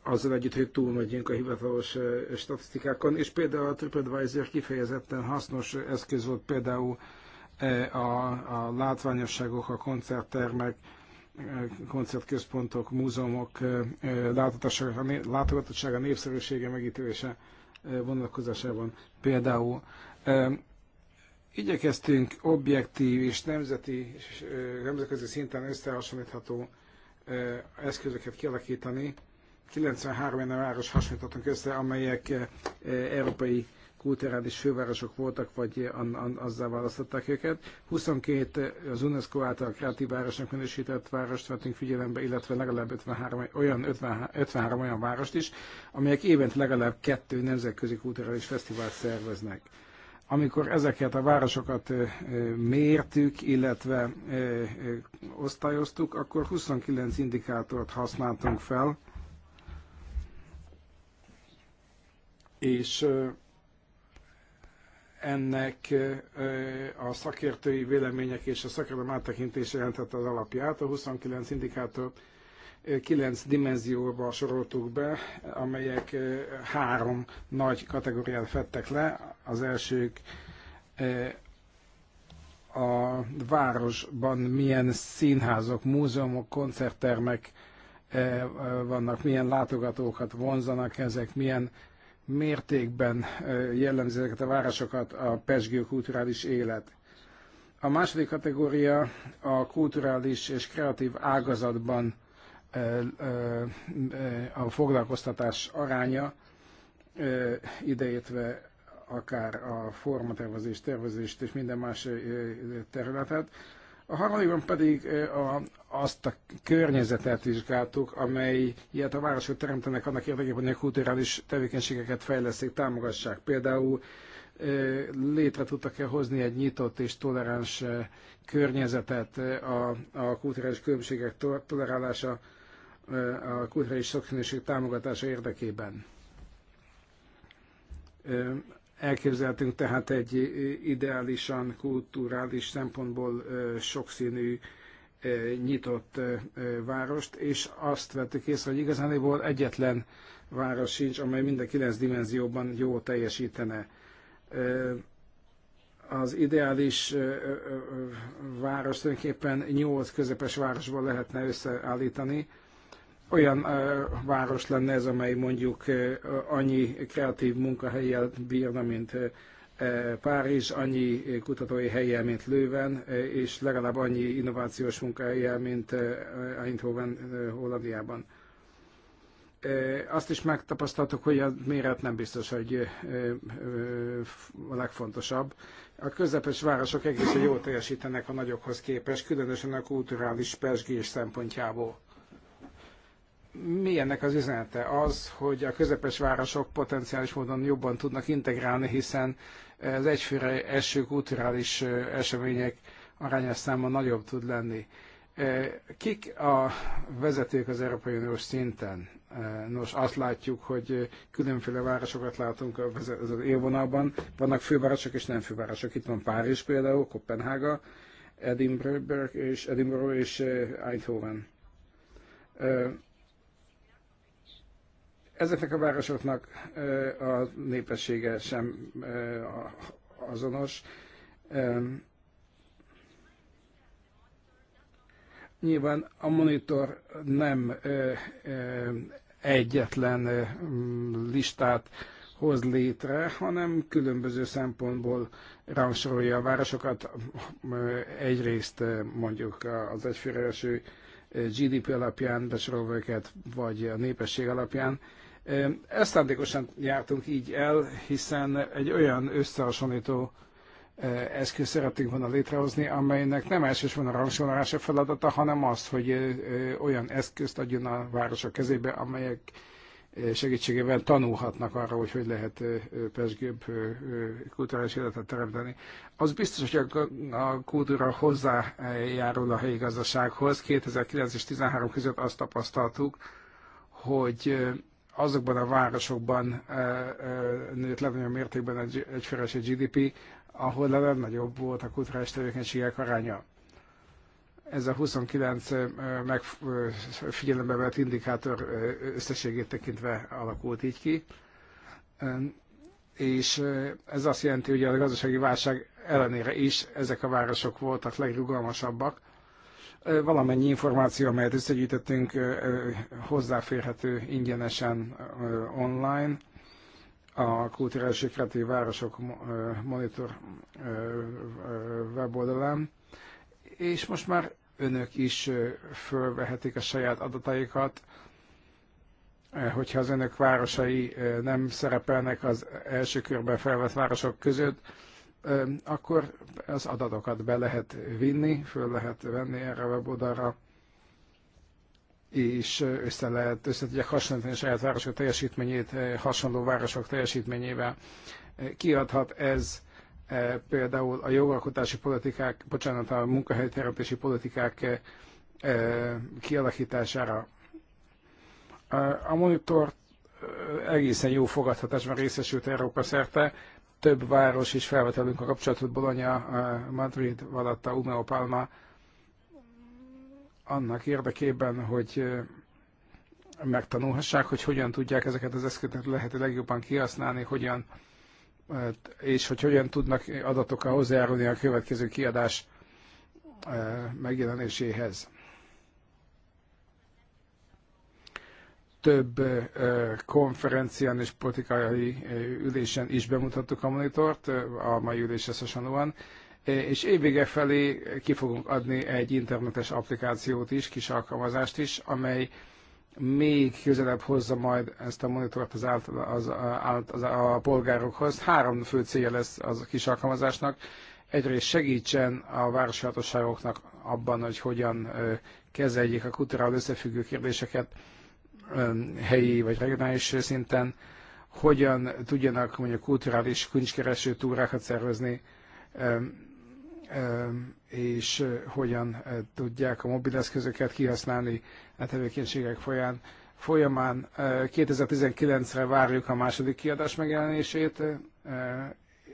Azzal együtt, hogy túl megyünk a hivatalos statisztikákon, és például a TripAdvisor kifejezetten hasznos eszköz volt például a, a látványosságok, a koncerttermek, koncertközpontok, múzeumok eh, eh, látogatottsága, népszerűsége megítélése eh, vonatkozásában például. Igyekeztünk objektív és nemzeti és nemzetközi szinten összehasonlítható eszközöket kialakítani. 93 olyan város hasonlítottunk össze, amelyek európai kulturális fővárosok voltak, vagy azzal választották őket. 22 az UNESCO által kreatív városnak minősített várost vettünk figyelembe, illetve legalább 53 olyan, 50, 53 olyan várost is, amelyek évente legalább kettő nemzetközi kulturális fesztivált szerveznek amikor ezeket a városokat mértük, illetve osztályoztuk, akkor 29 indikátort használtunk fel, és ennek a szakértői vélemények és a szakértelem áttekintése jelentette az alapját. A 29 indikátor 9 dimenzióba soroltuk be, amelyek három nagy kategóriát fettek le. Az elsők a városban milyen színházok, múzeumok, koncerttermek vannak, milyen látogatókat vonzanak ezek, milyen mértékben jellemzi ezeket a városokat a kulturális élet. A második kategória a kulturális és kreatív ágazatban a foglalkoztatás aránya, ideértve akár a formatervezést, tervezést és minden más területet. A harmadikban pedig a, azt a környezetet vizsgáltuk, amely ilyet a városok teremtenek annak érdekében, hogy a kulturális tevékenységeket fejleszték, támogassák. Például létre tudtak-e hozni egy nyitott és toleráns környezetet a, a kulturális különbségek tolerálása, a kulturális sokszínűség támogatása érdekében. Elképzeltünk tehát egy ideálisan, kulturális szempontból sokszínű, nyitott várost, és azt vettük észre, hogy igazániból egyetlen város sincs, amely minden kilenc dimenzióban jó teljesítene. Az ideális város tulajdonképpen nyolc közepes városból lehetne összeállítani, olyan város lenne ez, amely mondjuk annyi kreatív munkahelyjel bírna, mint Párizs, annyi kutatói helyjel, mint Lőven, és legalább annyi innovációs munkahelyjel, mint Eindhoven Hollandiában. Azt is megtapasztaltuk, hogy a méret nem biztos, hogy a legfontosabb. A közepes városok egészen jól teljesítenek a nagyokhoz képest, különösen a kulturális pesgés szempontjából mi ennek az üzenete? Az, hogy a közepes városok potenciális módon jobban tudnak integrálni, hiszen az egyfőre eső kulturális események arányos száma nagyobb tud lenni. Kik a vezetők az Európai Uniós szinten? Nos, azt látjuk, hogy különféle városokat látunk az élvonalban. Vannak fővárosok és nem fővárosok. Itt van Párizs például, Kopenhága, Edinburgh és, Edinburgh és Eindhoven Ezeknek a városoknak a népessége sem azonos. Nyilván a monitor nem egyetlen listát hoz létre, hanem különböző szempontból rangsorolja a városokat. Egyrészt mondjuk az egyfőre GDP alapján besorolva őket, vagy a népesség alapján, ezt szándékosan jártunk így el, hiszen egy olyan összehasonlító e, eszköz szerettünk volna létrehozni, amelynek nem elsősorban a rangsorolása feladata, hanem azt, hogy e, e, olyan eszközt adjon a városok kezébe, amelyek segítségével tanulhatnak arra, hogy hogy lehet pesgőbb kulturális életet teremteni. Az biztos, hogy a kultúra hozzájárul a helyi gazdasághoz. 2009 és 2013 között azt tapasztaltuk, hogy azokban a városokban eh, eh, nőtt nagyon mértékben egy, egyfőres a GDP, ahol a legnagyobb volt a kulturális tevékenységek aránya. Ez a 29 eh, meg figyelembe vett indikátor összességét tekintve alakult így ki. És ez azt jelenti, hogy a gazdasági válság ellenére is ezek a városok voltak legrugalmasabbak, Valamennyi információ, amelyet összegyűjtöttünk, hozzáférhető ingyenesen online. A Kulturális és Kreatív Városok Monitor weboldalán. És most már önök is fölvehetik a saját adataikat, hogyha az önök városai nem szerepelnek az első körben felvett városok között, akkor az adatokat be lehet vinni, föl lehet venni erre a weboldalra, és össze lehet, össze tudják hasonlítani a saját városok teljesítményét hasonló városok teljesítményével. Kiadhat ez például a jogalkotási politikák, bocsánat, a munkahelyteremtési politikák kialakítására. A monitor egészen jó fogadhatásban részesült Európa szerte, több város is felvetelünk a kapcsolatot, Bologna, eh, Madrid, valatta Umeo, Palma, annak érdekében, hogy eh, megtanulhassák, hogy hogyan tudják ezeket az eszközöket lehető legjobban kihasználni, hogyan, eh, és hogy hogyan tudnak adatokkal hozzájárulni a következő kiadás megjelenéséhez. több konferencián és politikai ülésen is bemutattuk a monitort, a mai üléshez hasonlóan, és évvége felé ki fogunk adni egy internetes applikációt is, kis alkalmazást is, amely még közelebb hozza majd ezt a monitort az, át, az, át, az a polgárokhoz. Három fő célja lesz az a kis alkalmazásnak. Egyrészt segítsen a városi hatóságoknak abban, hogy hogyan kezeljék a kulturál összefüggő kérdéseket, helyi vagy regionális szinten, hogyan tudjanak mondjuk kulturális kincskereső túrákat szervezni, és hogyan tudják a mobileszközöket kihasználni a tevékenységek folyán. Folyamán 2019-re várjuk a második kiadás megjelenését,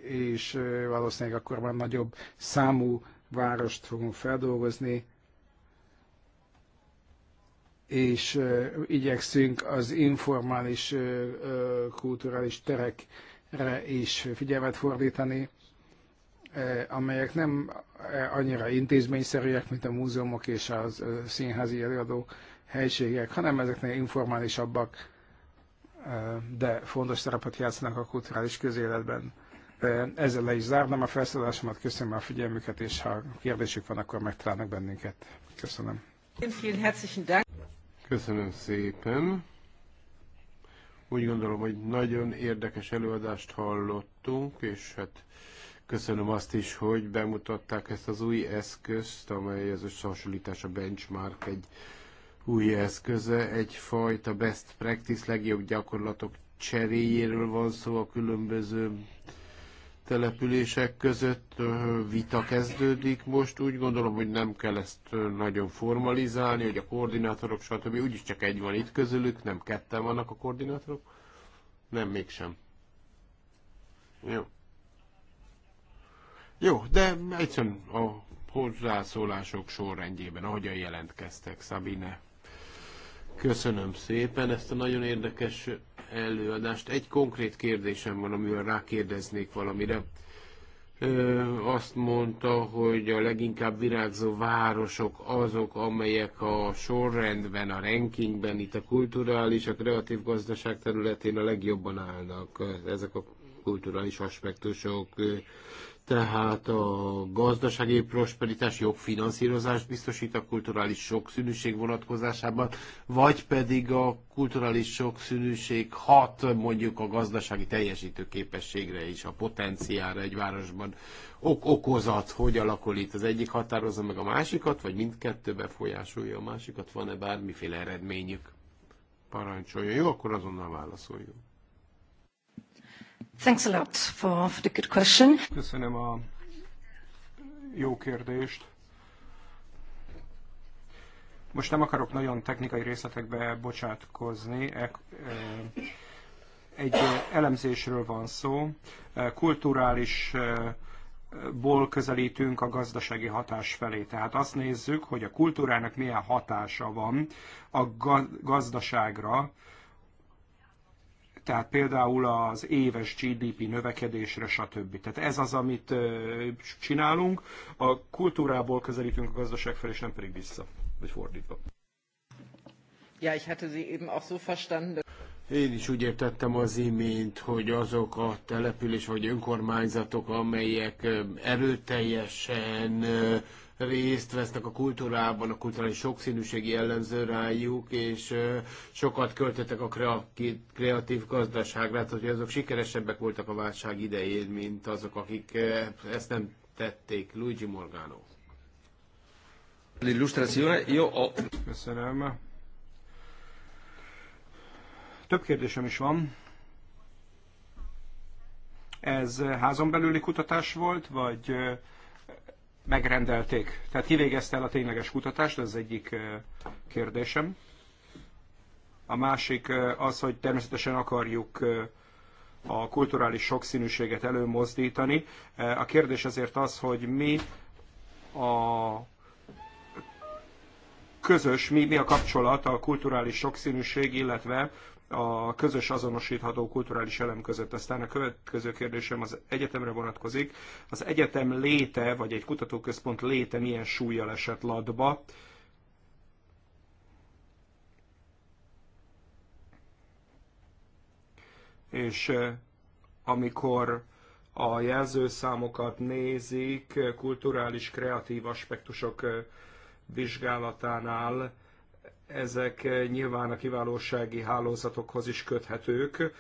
és valószínűleg akkor már nagyobb számú várost fogunk feldolgozni, és igyekszünk az informális kulturális terekre is figyelmet fordítani, amelyek nem annyira intézményszerűek, mint a múzeumok és a színházi előadó helységek, hanem ezeknél informálisabbak, de fontos szerepet játszanak a kulturális közéletben. Ezzel le is zárnám a felszólásomat, köszönöm a figyelmüket, és ha kérdésük van, akkor megtalálnak bennünket. Köszönöm. Vielen herzlichen Dank. Köszönöm szépen. Úgy gondolom, hogy nagyon érdekes előadást hallottunk, és hát köszönöm azt is, hogy bemutatták ezt az új eszközt, amely az összehasonlítás a benchmark egy új eszköze, egyfajta best practice, legjobb gyakorlatok cseréjéről van szó a különböző települések között vita kezdődik most. Úgy gondolom, hogy nem kell ezt nagyon formalizálni, hogy a koordinátorok, stb. Úgyis csak egy van itt közülük, nem ketten vannak a koordinátorok. Nem, mégsem. Jó. Jó, de egyszerűen a hozzászólások sorrendjében, ahogyan jelentkeztek, Szabine. Köszönöm szépen ezt a nagyon érdekes előadást. Egy konkrét kérdésem van, amivel rákérdeznék valamire. Ö, azt mondta, hogy a leginkább virágzó városok azok, amelyek a sorrendben, a rankingben, itt a kulturális, a kreatív gazdaság területén a legjobban állnak ezek a kulturális aspektusok, tehát a gazdasági prosperitás jobb finanszírozást biztosít a kulturális sokszínűség vonatkozásában, vagy pedig a kulturális sokszínűség hat mondjuk a gazdasági teljesítő képességre és a potenciára egy városban ok okozat, hogy alakul itt az egyik határozza meg a másikat, vagy mindkettő befolyásolja a másikat, van-e bármiféle eredményük? Parancsoljon. Jó, akkor azonnal válaszoljunk. Thanks a lot for the good question. Köszönöm a jó kérdést. Most nem akarok nagyon technikai részletekbe bocsátkozni. E- egy elemzésről van szó. Kulturális e, ból közelítünk a gazdasági hatás felé. Tehát azt nézzük, hogy a kultúrának milyen hatása van a gazdaságra, tehát például az éves GDP növekedésre, stb. Tehát ez az, amit csinálunk, a kultúrából közelítünk a gazdaság felé, és nem pedig vissza, vagy fordítva. Ja, ich hatte Sie eben auch so verstanden. Én is úgy értettem az imént, hogy azok a település vagy önkormányzatok, amelyek erőteljesen részt vesznek a kultúrában, a kulturális sokszínűség jellemző rájuk, és sokat költöttek a kreatív gazdaságra, tehát hogy azok sikeresebbek voltak a válság idején, mint azok, akik ezt nem tették. Luigi Morgano. L'illustrazione, io ho... Köszönöm. Több kérdésem is van. Ez házon belüli kutatás volt, vagy megrendelték. Tehát kivégezte el a tényleges kutatást, ez az egyik kérdésem. A másik az, hogy természetesen akarjuk a kulturális sokszínűséget előmozdítani. A kérdés azért az, hogy mi a közös, mi, mi a kapcsolat a kulturális sokszínűség, illetve a közös azonosítható kulturális elem között. Aztán a következő kérdésem az egyetemre vonatkozik. Az egyetem léte, vagy egy kutatóközpont léte milyen súlyjal esett ladba? És eh, amikor a jelzőszámokat nézik, kulturális, kreatív aspektusok eh, vizsgálatánál ezek nyilván a kiválósági hálózatokhoz is köthetők,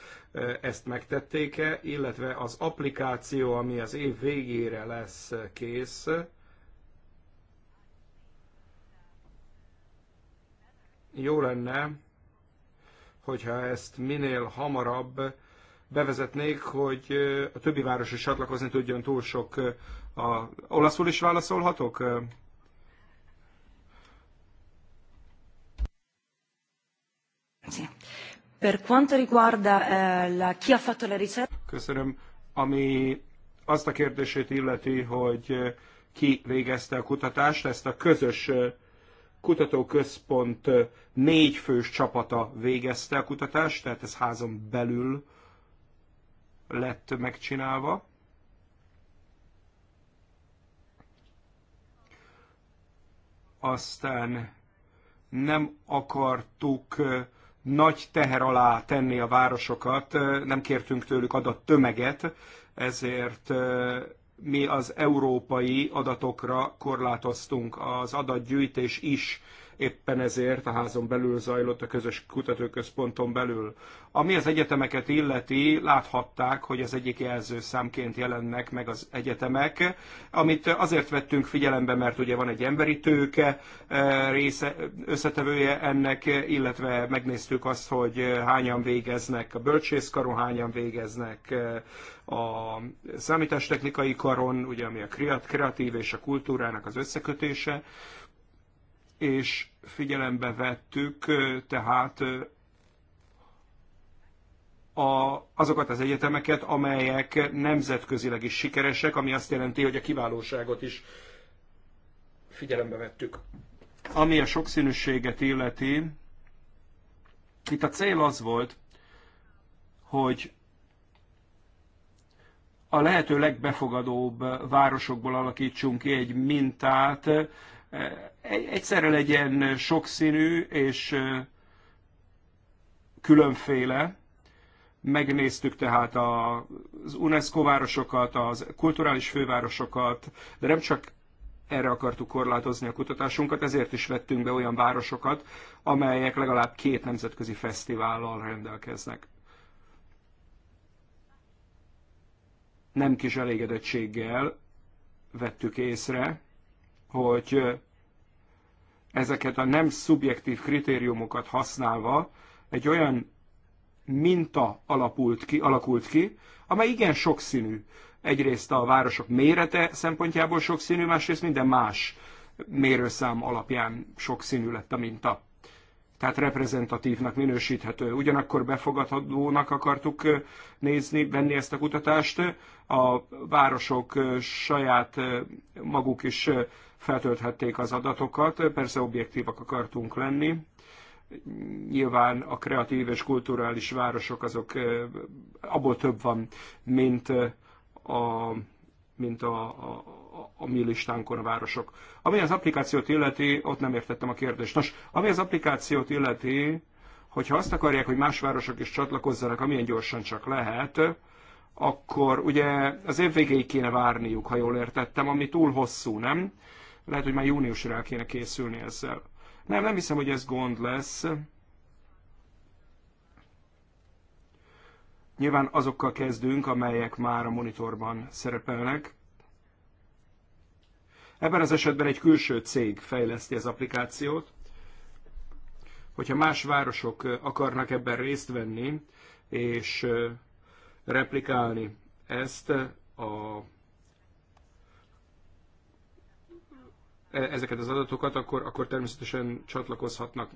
ezt megtették-e, illetve az applikáció, ami az év végére lesz kész, jó lenne, hogyha ezt minél hamarabb bevezetnék, hogy a többi város is csatlakozni tudjon túl sok. A... Olaszul is válaszolhatok? Per quanto riguarda eh, la, chi ha fatto la ricerca... Köszönöm. Ami azt a kérdését illeti, hogy eh, ki végezte a kutatást, ezt a közös eh, kutatóközpont eh, négy fős csapata végezte a kutatást, tehát ez házon belül lett megcsinálva. Aztán nem akartuk nagy teher alá tenni a városokat, nem kértünk tőlük adat tömeget, ezért mi az európai adatokra korlátoztunk. Az adatgyűjtés is éppen ezért a házon belül zajlott a közös kutatóközponton belül. Ami az egyetemeket illeti, láthatták, hogy az egyik számként jelennek meg az egyetemek, amit azért vettünk figyelembe, mert ugye van egy emberi tőke eh, része, összetevője ennek, illetve megnéztük azt, hogy hányan végeznek a bölcsészkaron, hányan végeznek eh, a számítástechnikai karon, ugye ami a kreatív és a kultúrának az összekötése, és figyelembe vettük tehát a, azokat az egyetemeket, amelyek nemzetközileg is sikeresek, ami azt jelenti, hogy a kiválóságot is figyelembe vettük. Ami a sokszínűséget illeti, itt a cél az volt, hogy a lehető legbefogadóbb városokból alakítsunk ki egy mintát, egyszerre legyen sokszínű és különféle. Megnéztük tehát az UNESCO városokat, az kulturális fővárosokat, de nem csak erre akartuk korlátozni a kutatásunkat, ezért is vettünk be olyan városokat, amelyek legalább két nemzetközi fesztivállal rendelkeznek. Nem kis elégedettséggel vettük észre, hogy ezeket a nem szubjektív kritériumokat használva egy olyan minta alapult ki, alakult ki, amely igen sokszínű. Egyrészt a városok mérete szempontjából sokszínű, másrészt minden más mérőszám alapján sokszínű lett a minta. Tehát reprezentatívnak minősíthető. Ugyanakkor befogadhatónak akartuk nézni, venni ezt a kutatást. A városok saját maguk is feltölthették az adatokat. Persze objektívak akartunk lenni. Nyilván a kreatív és kulturális városok azok eh, abból több van, mint eh, a, mint a, a, a mi listánkon a városok. Ami az applikációt illeti, ott nem értettem a kérdést. Nos, ami az applikációt illeti, hogyha azt akarják, hogy más városok is csatlakozzanak, amilyen gyorsan csak lehet, akkor ugye az év végéig kéne várniuk, ha jól értettem, ami túl hosszú, nem? Lehet, hogy már júniusra el kéne készülni ezzel. Nem, nem hiszem, hogy ez gond lesz. Nyilván azokkal kezdünk, amelyek már a monitorban szerepelnek. Ebben az esetben egy külső cég fejleszti az applikációt. Hogyha más városok akarnak ebben részt venni és replikálni ezt a E, ezeket az adatokat, akkor, akkor természetesen csatlakozhatnak.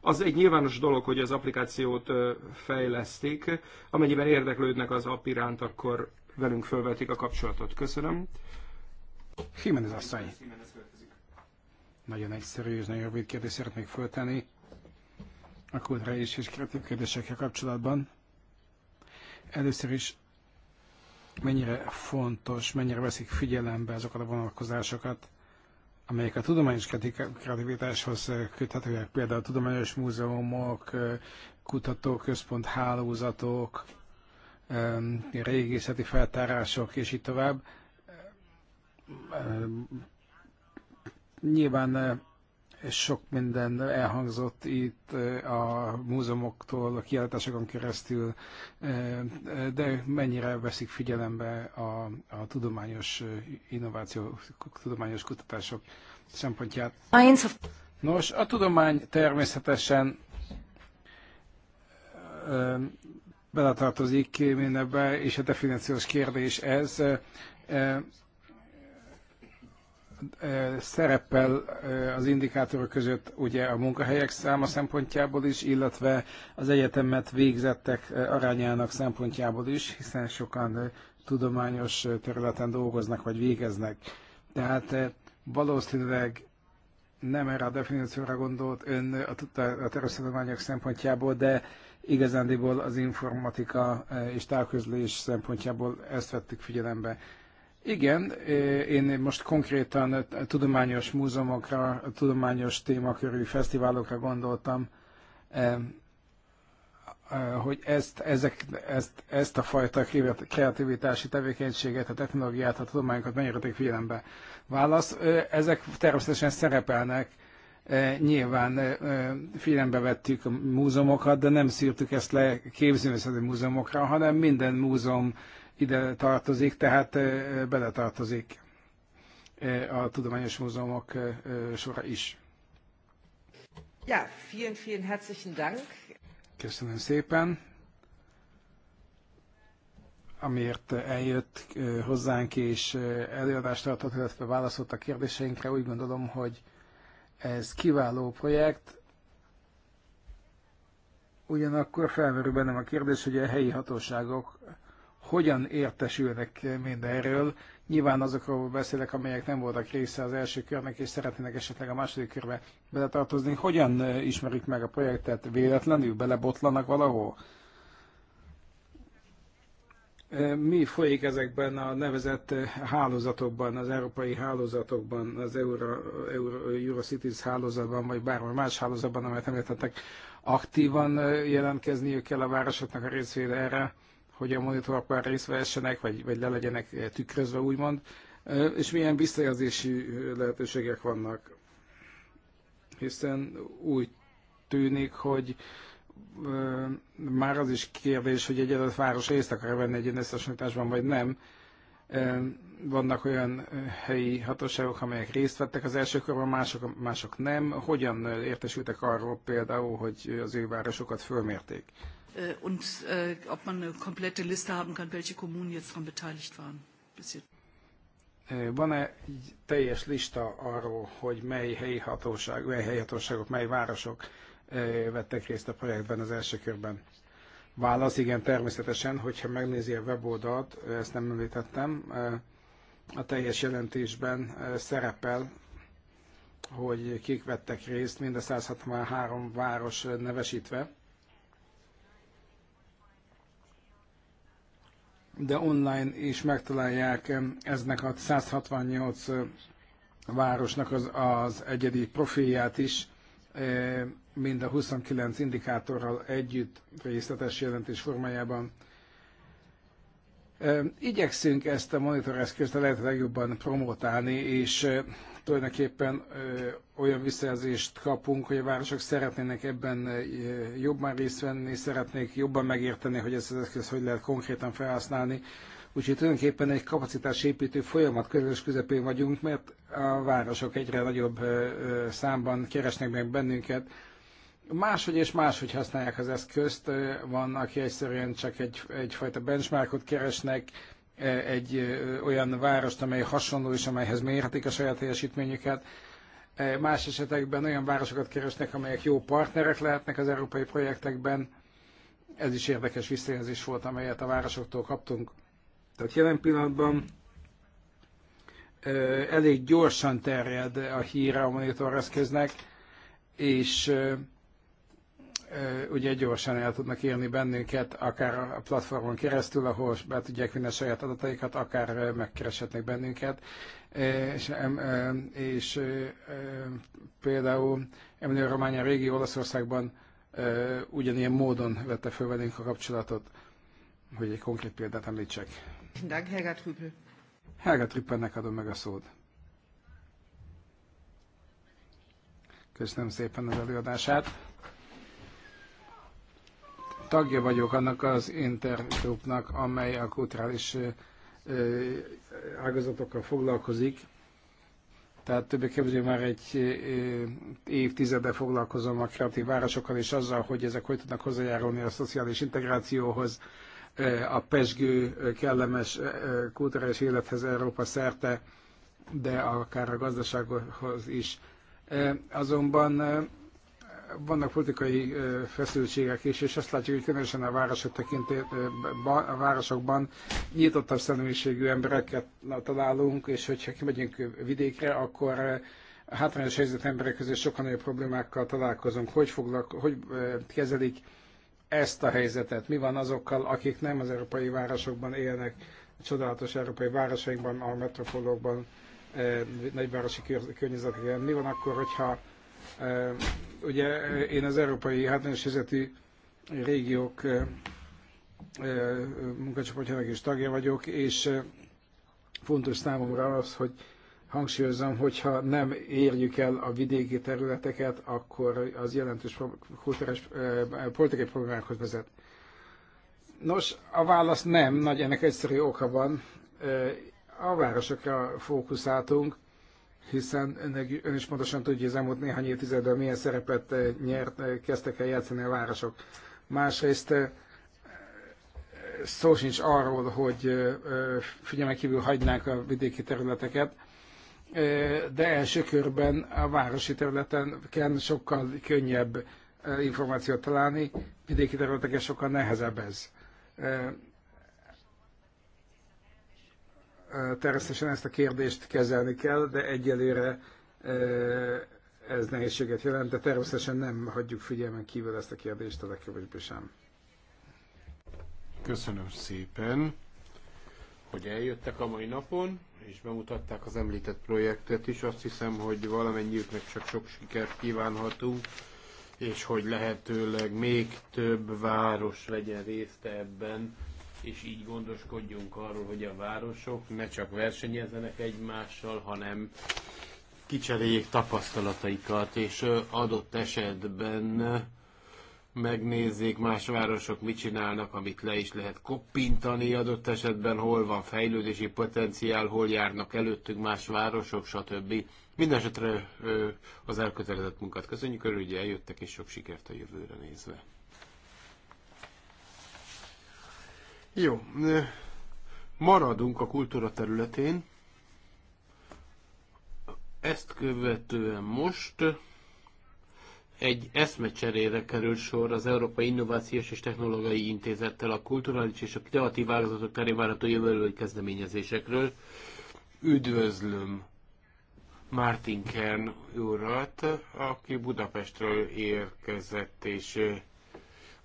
Az egy nyilvános dolog, hogy az applikációt e, fejlesztik. Amennyiben érdeklődnek az app iránt, akkor velünk fölvetik a kapcsolatot. Köszönöm. Jiménez asszony. Nagyon egyszerű és nagyon rövid kérdés szeretnék föltenni a kódra és, és kreatív kérdésekkel kapcsolatban. Először is mennyire fontos, mennyire veszik figyelembe azokat a vonalkozásokat, amelyek a tudományos kreativitáshoz eh, köthetőek, például tudományos múzeumok, eh, kutatóközpont hálózatok, eh, régészeti feltárások, és így tovább. Nyilván sok minden elhangzott itt eh, a múzeumoktól, a kiállításokon keresztül, eh, de mennyire veszik figyelembe a, a tudományos eh, innováció, tudományos kutatások szempontját. Nos, a tudomány természetesen beletartozik mindebbe, és a definíciós kérdés ez szerepel az indikátorok között ugye a munkahelyek száma szempontjából is, illetve az egyetemet végzettek arányának szempontjából is, hiszen sokan tudományos területen dolgoznak vagy végeznek. Tehát valószínűleg nem erre a definícióra gondolt ön a, a szempontjából, de igazándiból az informatika és távközlés szempontjából ezt vettük figyelembe. Igen, én most konkrétan tudományos múzeumokra, tudományos témakörű fesztiválokra gondoltam, hogy ezt, ezek, ezt, ezt a fajta kreativitási tevékenységet, a technológiát, a tudományokat mennyire tegyük figyelembe. Válasz, ezek természetesen szerepelnek, nyilván figyelembe vettük a múzeumokat, de nem szírtuk ezt le képzőművészeti múzeumokra, hanem minden múzeum ide tartozik, tehát beletartozik a tudományos múzeumok sora is. Ja, vielen, vielen herzlichen Dank. Köszönöm szépen, amiért eljött hozzánk és előadást tartott, illetve válaszolt a kérdéseinkre. Úgy gondolom, hogy ez kiváló projekt. Ugyanakkor felmerül bennem a kérdés, hogy a helyi hatóságok hogyan értesülnek mindenről. Nyilván azokról beszélek, amelyek nem voltak része az első körnek, és szeretnének esetleg a második körbe beletartozni. Hogyan ismerik meg a projektet? Véletlenül belebotlanak valahol? Mi folyik ezekben a nevezett hálózatokban, az európai hálózatokban, az Euro, Euro, Eurocities hálózatban, vagy bármely más hálózatban, amelyet említettek, aktívan jelentkezniük kell a városoknak a részvére erre? hogy a monitorokban részt vehessenek, vagy, vagy le legyenek tükrözve, úgymond, és milyen visszajelzési lehetőségek vannak. Hiszen úgy tűnik, hogy már az is kérdés, hogy egy adott város részt akar venni egy összehasonlításban, vagy nem. Vannak olyan helyi hatóságok, amelyek részt vettek az első körben, mások, mások nem. Hogyan értesültek arról például, hogy az ő városokat fölmérték? Äh, und äh, ob man eine komplette Liste haben kann, welche Kommunen jetzt daran beteiligt waren. Bis jetzt. Äh, van-e teljes lista arról, hogy mely helyi, hatóság, mely helyi hatóságok, mely városok vettek részt a projektben az első körben? Válasz igen, természetesen, hogyha megnézi a weboldalt, ezt nem említettem, a teljes jelentésben szerepel, hogy kik vettek részt, mind a 163 város nevesítve de online is megtalálják eznek a 168 városnak az, az egyedi profilját is, mind a 29 indikátorral együtt részletes jelentés formájában Igyekszünk ezt a eszközt a lehető legjobban promotálni, és tulajdonképpen olyan visszajelzést kapunk, hogy a városok szeretnének ebben jobban részt venni, szeretnék jobban megérteni, hogy ezt az eszközt hogy lehet konkrétan felhasználni. Úgyhogy tulajdonképpen egy kapacitásépítő folyamat közös közepén vagyunk, mert a városok egyre nagyobb számban keresnek meg bennünket, máshogy és máshogy használják az eszközt. Van, aki egyszerűen csak egy, egyfajta benchmarkot keresnek, e, egy e, olyan várost, amely hasonló és amelyhez mérhetik a saját teljesítményüket. E, más esetekben olyan városokat keresnek, amelyek jó partnerek lehetnek az európai projektekben. Ez is érdekes visszajelzés volt, amelyet a városoktól kaptunk. Tehát jelen pillanatban elég gyorsan terjed a híra a monitor eszköznek, és ugye gyorsan el tudnak írni bennünket, akár a platformon keresztül, ahol be tudják vinni a saját adataikat, akár megkereshetnek bennünket. És, és például Emilio Románia régi Olaszországban ugyanilyen módon vette fel velünk a kapcsolatot, hogy egy konkrét példát említsek. Helga Trüppel. Helga Trüppelnek adom meg a szót. Köszönöm szépen az előadását. Tagja vagyok annak az intergrupnak, amely a kulturális ágazatokkal foglalkozik. Tehát többé-kevésbé már egy évtizede foglalkozom a kreatív városokkal és azzal, hogy ezek hogy tudnak hozzájárulni a szociális integrációhoz, a pesgő kellemes kulturális élethez Európa szerte, de akár a gazdasághoz is. Azonban vannak politikai feszültségek is, és azt látjuk, hogy különösen a városok tekintét, a városokban nyitottabb személyiségű embereket találunk, és hogyha kimegyünk vidékre, akkor hátrányos helyzet emberek közé sokkal nagyobb problémákkal találkozunk. Hogy, foglak, hogy kezelik ezt a helyzetet? Mi van azokkal, akik nem az európai városokban élnek, a csodálatos európai városainkban, a metropolokban, nagyvárosi környezetekben? Mi van akkor, hogyha Ugye én az Európai Hátrányos Helyzetű Régiók munkacsoportjának is tagja vagyok, és fontos számomra az, hogy hangsúlyozom, hogyha nem érjük el a vidéki területeket, akkor az jelentős kulturális politikai problémákhoz vezet. Nos, a válasz nem, nagy ennek egyszerű oka van. A városokra fókuszáltunk, hiszen önök, ön is pontosan tudja, az elmúlt néhány évtizedben milyen szerepet eh, nyert, eh, kezdtek el játszani a városok. Másrészt eh, szó sincs arról, hogy figyelmen kívül hagynák a vidéki területeket, de első körben a városi területen kell sokkal könnyebb információt találni, vidéki területeken sokkal nehezebb ez. Természetesen ezt a kérdést kezelni kell, de egyelőre ez nehézséget jelent, de természetesen nem hagyjuk figyelmen kívül ezt a kérdést a legkevésbé sem. Köszönöm szépen, hogy eljöttek a mai napon, és bemutatták az említett projektet is. Azt hiszem, hogy valamennyiüknek csak sok sikert kívánhatunk, és hogy lehetőleg még több város legyen részt ebben és így gondoskodjunk arról, hogy a városok ne csak versenyezzenek egymással, hanem kicseréljék tapasztalataikat, és adott esetben megnézzék más városok mit csinálnak, amit le is lehet koppintani adott esetben, hol van fejlődési potenciál, hol járnak előttük más városok, stb. Mindenesetre az elkötelezett munkát köszönjük, örülj, hogy eljöttek, és sok sikert a jövőre nézve. Jó, maradunk a kultúra területén. Ezt követően most egy eszmecserére került sor az Európai Innovációs és Technológiai Intézettel a kulturális és a kreatív ágazatok terén várható jövőbeli kezdeményezésekről. Üdvözlöm Martin Kern urat, aki Budapestről érkezett, és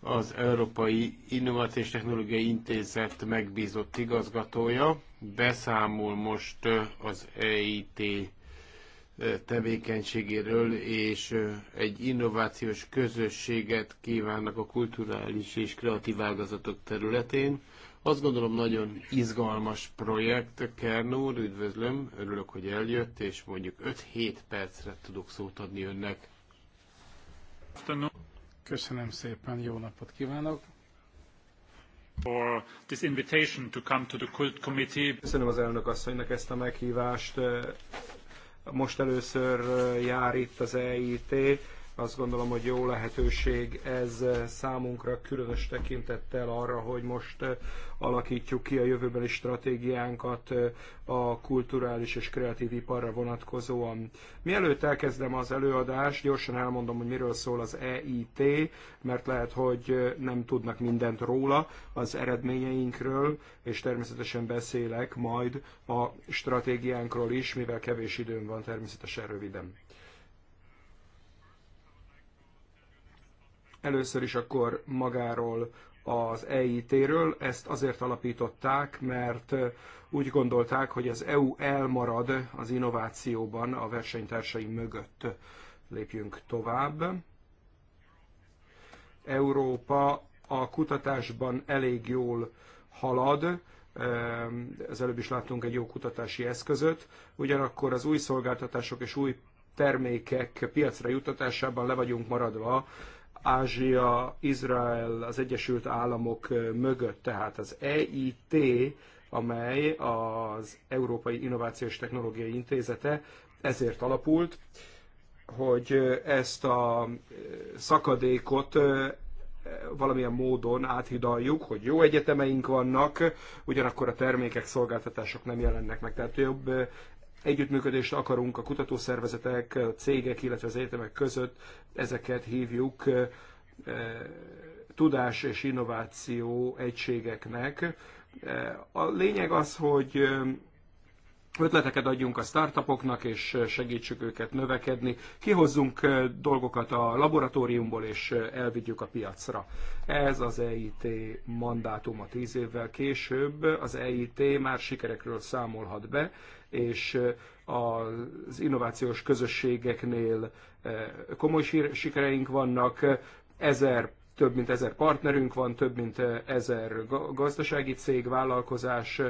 az Európai Innovációs Technológiai Intézet megbízott igazgatója. Beszámol most az EIT tevékenységéről, és egy innovációs közösséget kívánnak a kulturális és kreatív ágazatok területén. Azt gondolom nagyon izgalmas projekt. Kern úr, üdvözlöm, örülök, hogy eljött, és mondjuk 5-7 percre tudok szót adni önnek. Köszönöm. Köszönöm szépen, jó napot kívánok! For this invitation to come to the cult Committee. Köszönöm az elnök asszonynak ezt a meghívást. Most először jár itt az EIT azt gondolom, hogy jó lehetőség ez számunkra, különös tekintettel arra, hogy most eh, alakítjuk ki a jövőbeli stratégiánkat eh, a kulturális és kreatív iparra vonatkozóan. Mielőtt elkezdem az előadást, gyorsan elmondom, hogy miről szól az EIT, mert lehet, hogy eh, nem tudnak mindent róla az eredményeinkről, és természetesen beszélek majd a stratégiánkról is, mivel kevés időm van természetesen röviden. Először is akkor magáról az EIT-ről. Ezt azért alapították, mert úgy gondolták, hogy az EU elmarad az innovációban a versenytársai mögött. Lépjünk tovább. Európa a kutatásban elég jól halad, az előbb is láttunk egy jó kutatási eszközöt, ugyanakkor az új szolgáltatások és új termékek piacra jutatásában le vagyunk maradva Ázsia, Izrael, az Egyesült Államok mögött, tehát az EIT, amely az Európai Innovációs Technológiai Intézete ezért alapult, hogy ezt a szakadékot valamilyen módon áthidaljuk, hogy jó egyetemeink vannak, ugyanakkor a termékek, szolgáltatások nem jelennek meg. Tehát jobb együttműködést akarunk a kutatószervezetek, a cégek, illetve az egyetemek között, ezeket hívjuk tudás és innováció egységeknek. A lényeg az, hogy ötleteket adjunk a startupoknak, és segítsük őket növekedni. Kihozzunk dolgokat a laboratóriumból, és elvigyük a piacra. Ez az EIT mandátuma tíz évvel később. Az EIT már sikerekről számolhat be, és az innovációs közösségeknél komoly sikereink vannak, ezer több mint ezer partnerünk van, több mint ezer gazdasági cég, vállalkozás,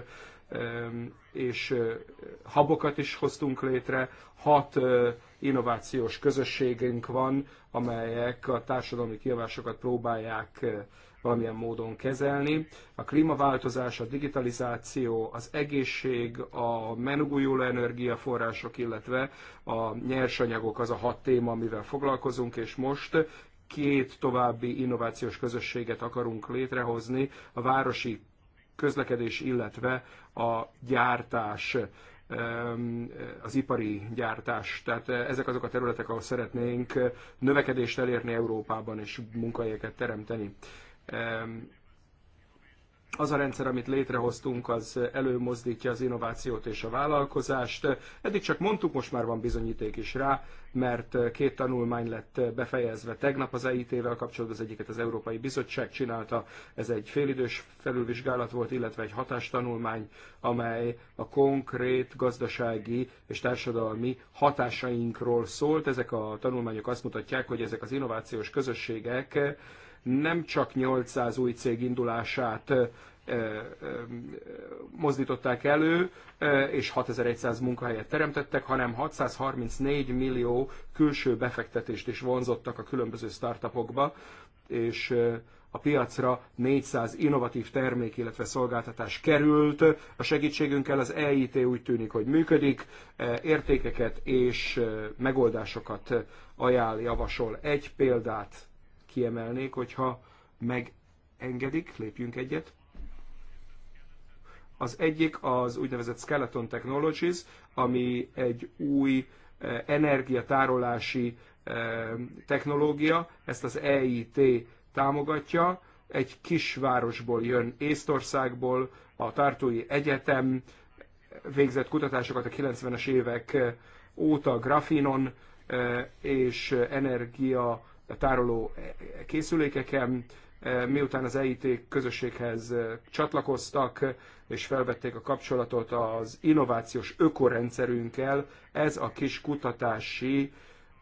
és habokat is hoztunk létre. Hat innovációs közösségünk van, amelyek a társadalmi kihívásokat próbálják valamilyen módon kezelni. A klímaváltozás, a digitalizáció, az egészség, a menugújuló energiaforrások, illetve a nyersanyagok az a hat téma, amivel foglalkozunk, és most két további innovációs közösséget akarunk létrehozni, a városi közlekedés, illetve a gyártás az ipari gyártás. Tehát ezek azok a területek, ahol szeretnénk növekedést elérni Európában és munkahelyeket teremteni az a rendszer, amit létrehoztunk, az előmozdítja az innovációt és a vállalkozást. Eddig csak mondtuk, most már van bizonyíték is rá, mert két tanulmány lett befejezve tegnap az EIT-vel kapcsolatban, az egyiket az Európai Bizottság csinálta, ez egy félidős felülvizsgálat volt, illetve egy hatástanulmány, amely a konkrét gazdasági és társadalmi hatásainkról szólt. Ezek a tanulmányok azt mutatják, hogy ezek az innovációs közösségek nem csak 800 új cég indulását mozdították elő, és 6100 munkahelyet teremtettek, hanem 634 millió külső befektetést is vonzottak a különböző startupokba, és a piacra 400 innovatív termék, illetve szolgáltatás került. A segítségünkkel az EIT úgy tűnik, hogy működik, értékeket és megoldásokat ajánl, javasol. Egy példát kiemelnék, hogyha megengedik, lépjünk egyet. Az egyik az úgynevezett Skeleton Technologies, ami egy új eh, energiatárolási eh, technológia, ezt az EIT támogatja, egy kisvárosból jön Észtországból, a Tartói Egyetem végzett kutatásokat a 90-es évek eh, óta grafinon és energia tároló készülékeken, eh, miután az EIT közösséghez eh, csatlakoztak és felvették a kapcsolatot az innovációs ökorendszerünkkel, ez a kis kutatási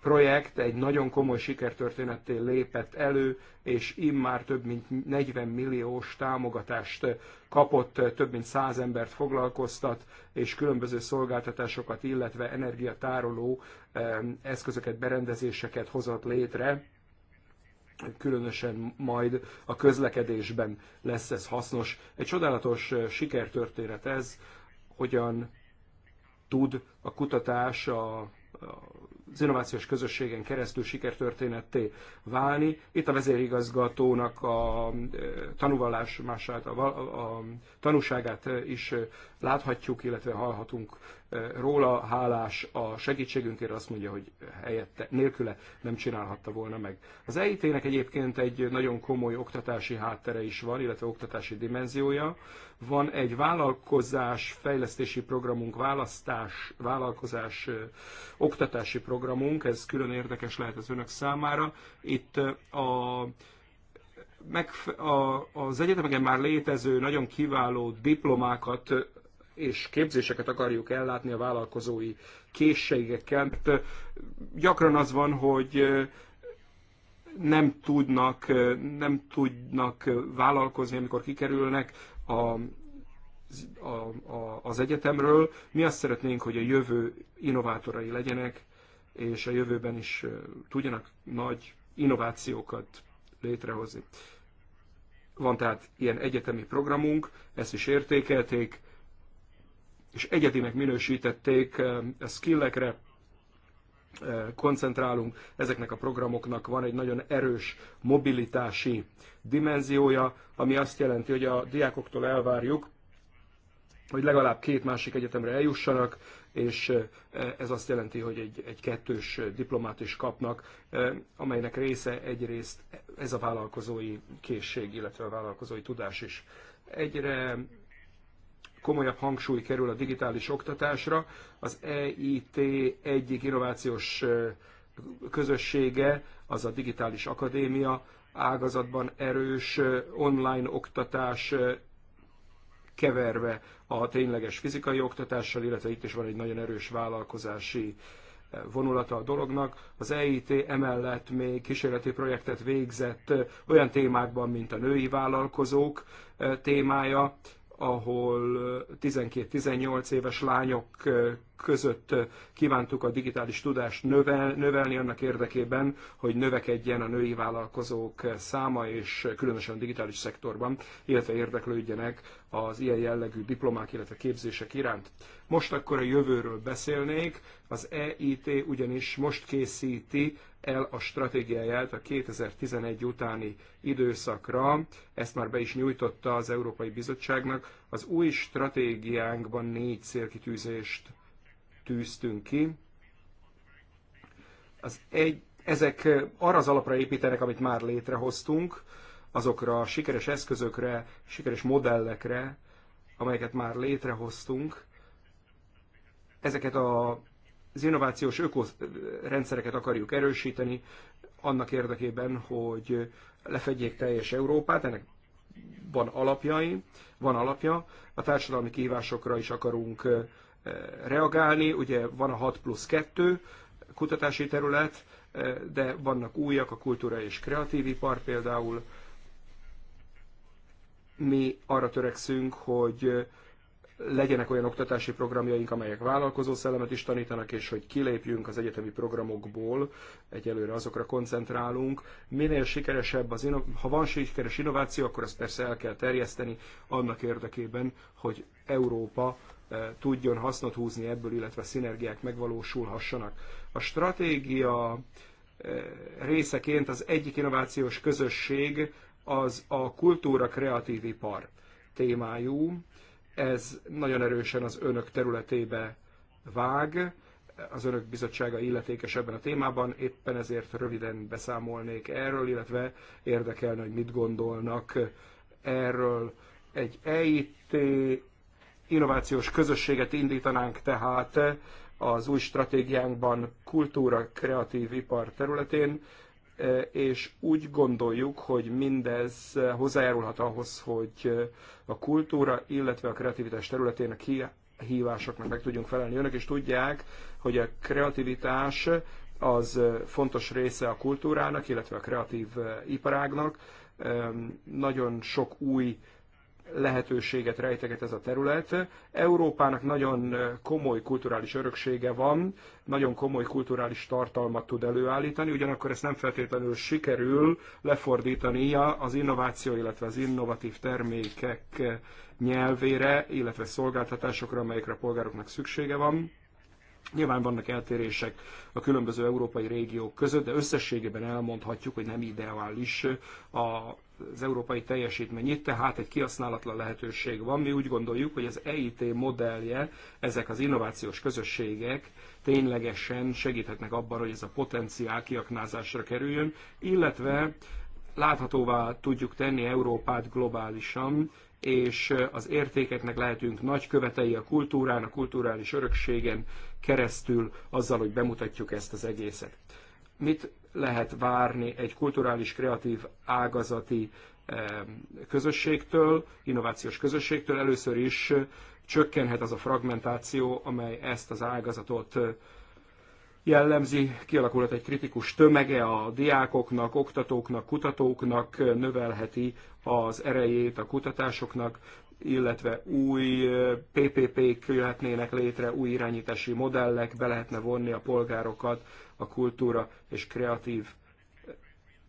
projekt egy nagyon komoly sikertörténetté lépett elő, és immár több mint 40 milliós támogatást kapott, több mint 100 embert foglalkoztat, és különböző szolgáltatásokat, illetve energiatároló eh, eszközöket, berendezéseket hozott létre különösen majd a közlekedésben lesz ez hasznos. Egy csodálatos sikertörténet ez, hogyan tud a kutatás a az innovációs közösségen keresztül sikertörténetté válni. Itt a vezérigazgatónak a a, a, a tanúságát is láthatjuk, illetve hallhatunk róla, hálás a segítségünkért, azt mondja, hogy helyette, nélküle nem csinálhatta volna meg. Az EIT-nek egyébként egy nagyon komoly oktatási háttere is van, illetve oktatási dimenziója. Van egy vállalkozás fejlesztési programunk, választás, vállalkozás oktatási programunk, ez külön érdekes lehet az önök számára. Itt a meg, a, az egyetemeken már létező, nagyon kiváló diplomákat és képzéseket akarjuk ellátni a vállalkozói készségekkel, mert hát, gyakran az van, hogy nem tudnak, nem tudnak vállalkozni, amikor kikerülnek a, a, a, az egyetemről. Mi azt szeretnénk, hogy a jövő innovátorai legyenek, és a jövőben is tudjanak nagy innovációkat létrehozni. Van tehát ilyen egyetemi programunk, ezt is értékelték, és egyedinek minősítették eh, a skillekre, eh, koncentrálunk, ezeknek a programoknak van egy nagyon erős mobilitási dimenziója, ami azt jelenti, hogy a diákoktól elvárjuk, hogy legalább két másik egyetemre eljussanak, és eh, ez azt jelenti, hogy egy, egy kettős diplomát is kapnak, amelynek része egyrészt ez a vállalkozói készség, illetve a vállalkozói tudás is. Egyre komolyabb hangsúly kerül a digitális oktatásra. Az EIT egyik innovációs közössége az a Digitális Akadémia ágazatban erős online oktatás keverve a tényleges fizikai oktatással, illetve itt is van egy nagyon erős vállalkozási vonulata a dolognak. Az EIT emellett még kísérleti projektet végzett olyan témákban, mint a női vállalkozók témája, ahol 12-18 éves lányok között eh, kívántuk a digitális tudást növel, növelni annak érdekében, hogy növekedjen a női vállalkozók eh, száma, és különösen a digitális szektorban, illetve érdeklődjenek az ilyen jellegű diplomák, illetve képzések iránt. Most akkor a jövőről beszélnék, az EIT ugyanis most készíti el a stratégiáját a 2011 utáni időszakra, ezt már be is nyújtotta az Európai Bizottságnak. Az új stratégiánkban négy célkitűzést tűztünk ki, az egy, ezek arra az alapra építenek, amit már létrehoztunk, azokra a sikeres eszközökre, sikeres modellekre, amelyeket már létrehoztunk, ezeket a, az innovációs ökorendszereket akarjuk erősíteni, annak érdekében, hogy lefedjék teljes Európát, ennek van alapjai, van alapja, a társadalmi kihívásokra is akarunk reagálni. Ugye van a 6 plusz 2 kutatási terület, eh, de vannak újak, a kultúra és kreatív ipar például. Mi arra törekszünk, hogy eh, legyenek olyan oktatási programjaink, amelyek vállalkozó szellemet is tanítanak, és hogy kilépjünk az egyetemi programokból, egyelőre azokra koncentrálunk. Minél sikeresebb az, ha van sikeres innováció, akkor azt persze el kell terjeszteni annak érdekében, hogy Európa tudjon hasznot húzni ebből, illetve szinergiák megvalósulhassanak. A stratégia részeként az egyik innovációs közösség az a kultúra kreatív ipar témájú. Ez nagyon erősen az önök területébe vág, az önök bizottsága illetékes ebben a témában, éppen ezért röviden beszámolnék erről, illetve érdekelne, hogy mit gondolnak erről. Egy EIT innovációs közösséget indítanánk tehát az új stratégiánkban kultúra, kreatív ipar területén, és úgy gondoljuk, hogy mindez hozzájárulhat ahhoz, hogy a kultúra, illetve a kreativitás területén a kihívásoknak meg tudjunk felelni. Önök is tudják, hogy a kreativitás az fontos része a kultúrának, illetve a kreatív iparágnak. Nagyon sok új lehetőséget rejteget ez a terület. Európának nagyon komoly kulturális öröksége van, nagyon komoly kulturális tartalmat tud előállítani, ugyanakkor ezt nem feltétlenül sikerül lefordítania az innováció, illetve az innovatív termékek nyelvére, illetve szolgáltatásokra, amelyekre a polgároknak szüksége van. Nyilván vannak eltérések a különböző európai régiók között, de összességében elmondhatjuk, hogy nem ideális az európai teljesítmény itt, tehát egy kihasználatlan lehetőség van. Mi úgy gondoljuk, hogy az EIT modellje, ezek az innovációs közösségek ténylegesen segíthetnek abban, hogy ez a potenciál kiaknázásra kerüljön, illetve láthatóvá tudjuk tenni Európát globálisan, és az értékeknek lehetünk nagy követei a kultúrán, a kulturális örökségen, keresztül azzal, hogy bemutatjuk ezt az egészet. Mit lehet várni egy kulturális, kreatív, ágazati eh, közösségtől, innovációs közösségtől? Először is eh, csökkenhet az a fragmentáció, amely ezt az ágazatot eh, jellemzi, kialakulhat egy kritikus tömege a diákoknak, oktatóknak, kutatóknak, növelheti az erejét a kutatásoknak, illetve új PPP-k jöhetnének létre, új irányítási modellek, be lehetne vonni a polgárokat a kultúra és kreatív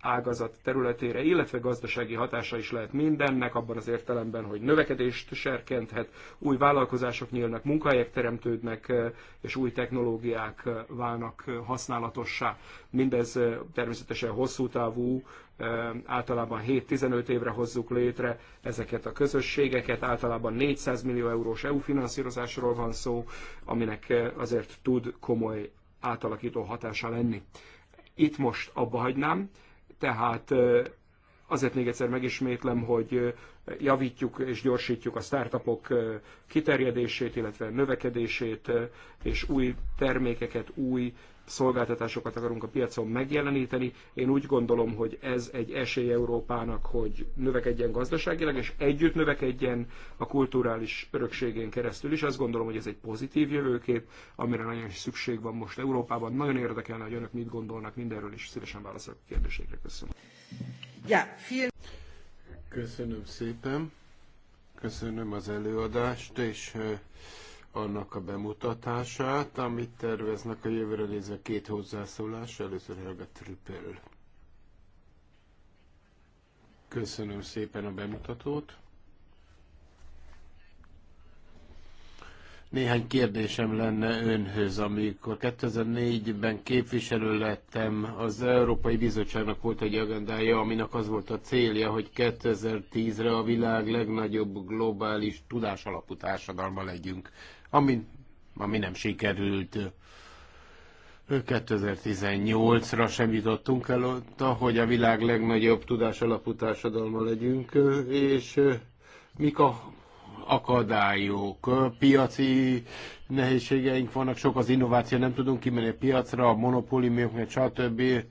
ágazat területére, illetve gazdasági hatása is lehet mindennek, abban az értelemben, hogy növekedést serkenthet, új vállalkozások nyílnak, munkahelyek teremtődnek, és új technológiák válnak használatossá. Mindez természetesen hosszú távú, általában 7-15 évre hozzuk létre ezeket a közösségeket, általában 400 millió eurós EU finanszírozásról van szó, aminek azért tud komoly átalakító hatása lenni. Itt most abba hagynám tehát azért még egyszer megismétlem, hogy javítjuk és gyorsítjuk a startupok kiterjedését, illetve növekedését, és új termékeket, új szolgáltatásokat akarunk a piacon megjeleníteni. Én úgy gondolom, hogy ez egy esély Európának, hogy növekedjen gazdaságilag, és együtt növekedjen a kulturális örökségén keresztül is. Azt gondolom, hogy ez egy pozitív jövőkép, amire nagyon is szükség van most Európában. Nagyon érdekelne, hogy önök mit gondolnak mindenről, és szívesen válaszolok a kérdésekre. Köszönöm. Ja, Köszönöm szépen. Köszönöm az előadást, és annak a bemutatását, amit terveznek a jövőre nézve két hozzászólás. Először Helga Trüppel. Köszönöm szépen a bemutatót. Néhány kérdésem lenne önhöz, amikor 2004-ben képviselő lettem, az Európai Bizottságnak volt egy agendája, aminek az volt a célja, hogy 2010-re a világ legnagyobb globális tudásalapú társadalma legyünk ami, ami nem sikerült. 2018-ra sem jutottunk el ott, hogy a világ legnagyobb tudás alapú társadalma legyünk, és eh, mik a akadályok, piaci nehézségeink vannak, sok az innováció, nem tudunk kimenni a piacra, a monopóliumoknak, stb. Eh,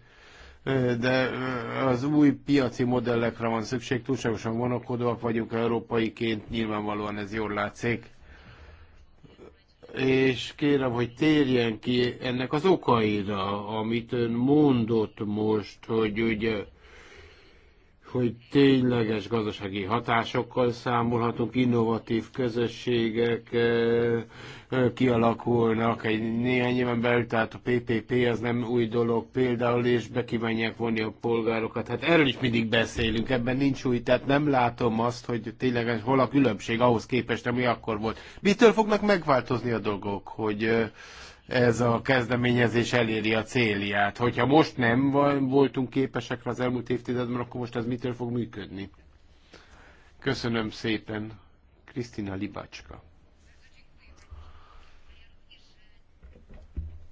de eh, az új piaci modellekre van szükség, túlságosan vonakodóak vagyunk európaiként, nyilvánvalóan ez jól látszik és kérem, hogy térjen ki ennek az okaira, amit ön mondott most, hogy ugye hogy tényleges gazdasági hatásokkal számolhatunk, innovatív közösségek eh, eh, kialakulnak egy néhány éven belül, tehát a PPP az nem új dolog például, és kívánják vonni a polgárokat. Hát erről is mindig beszélünk, ebben nincs új, tehát nem látom azt, hogy tényleg hol a különbség ahhoz képest, ami akkor volt. Mitől fognak megváltozni a dolgok, hogy eh, ez a kezdeményezés eléri a célját. Hogyha most nem voltunk képesek az elmúlt évtizedben, akkor most ez mitől fog működni? Köszönöm szépen, Krisztina Libacska.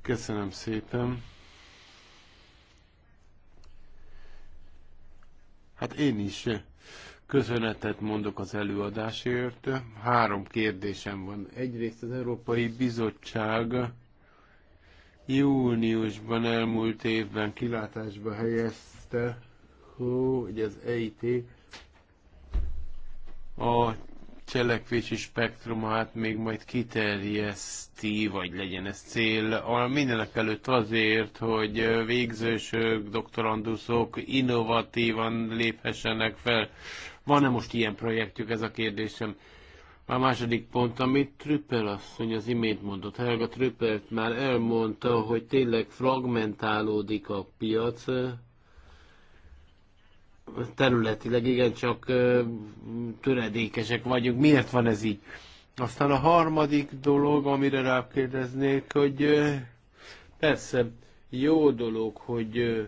Köszönöm szépen. Hát én is köszönetet mondok az előadásért. Három kérdésem van. Egyrészt az Európai Bizottság júniusban elmúlt évben kilátásba helyezte, hogy az EIT a cselekvési spektrumát még majd kiterjeszti, vagy legyen ez cél. A mindenek előtt azért, hogy végzősök, doktoranduszok innovatívan léphessenek fel. Van-e most ilyen projektjük, ez a kérdésem. A második pont, amit Trüppel asszony az imént mondott, Helga Trüppelt már elmondta, hogy tényleg fragmentálódik a piac, területileg igencsak töredékesek vagyunk. Miért van ez így? Aztán a harmadik dolog, amire rákérdeznék, hogy persze jó dolog, hogy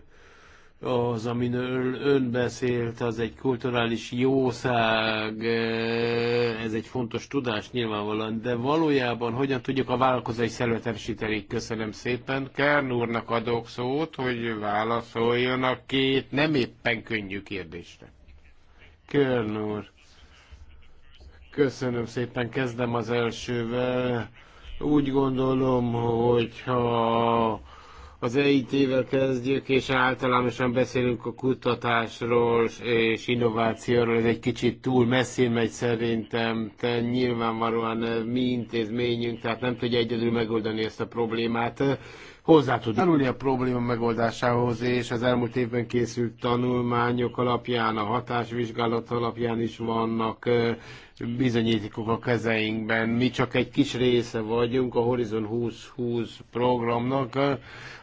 az, amiről ön beszélt, az egy kulturális jószág, ez egy fontos tudás nyilvánvalóan, de valójában hogyan tudjuk a vállalkozói szervet erősíteni? Köszönöm szépen. Kern úrnak adok szót, hogy válaszoljon a két nem éppen könnyű kérdésre. Kern úr, köszönöm szépen, kezdem az elsővel. Úgy gondolom, hogyha az EIT-vel kezdjük, és általánosan beszélünk a kutatásról és innovációról, ez egy kicsit túl messzi megy szerintem, te nyilvánvalóan eh, mi intézményünk, tehát nem tudja egyedül megoldani ezt a problémát hozzá tud járulni a probléma megoldásához, és az elmúlt évben készült tanulmányok alapján, a hatásvizsgálat alapján is vannak bizonyítékok a kezeinkben. Mi csak egy kis része vagyunk a Horizon 2020 programnak,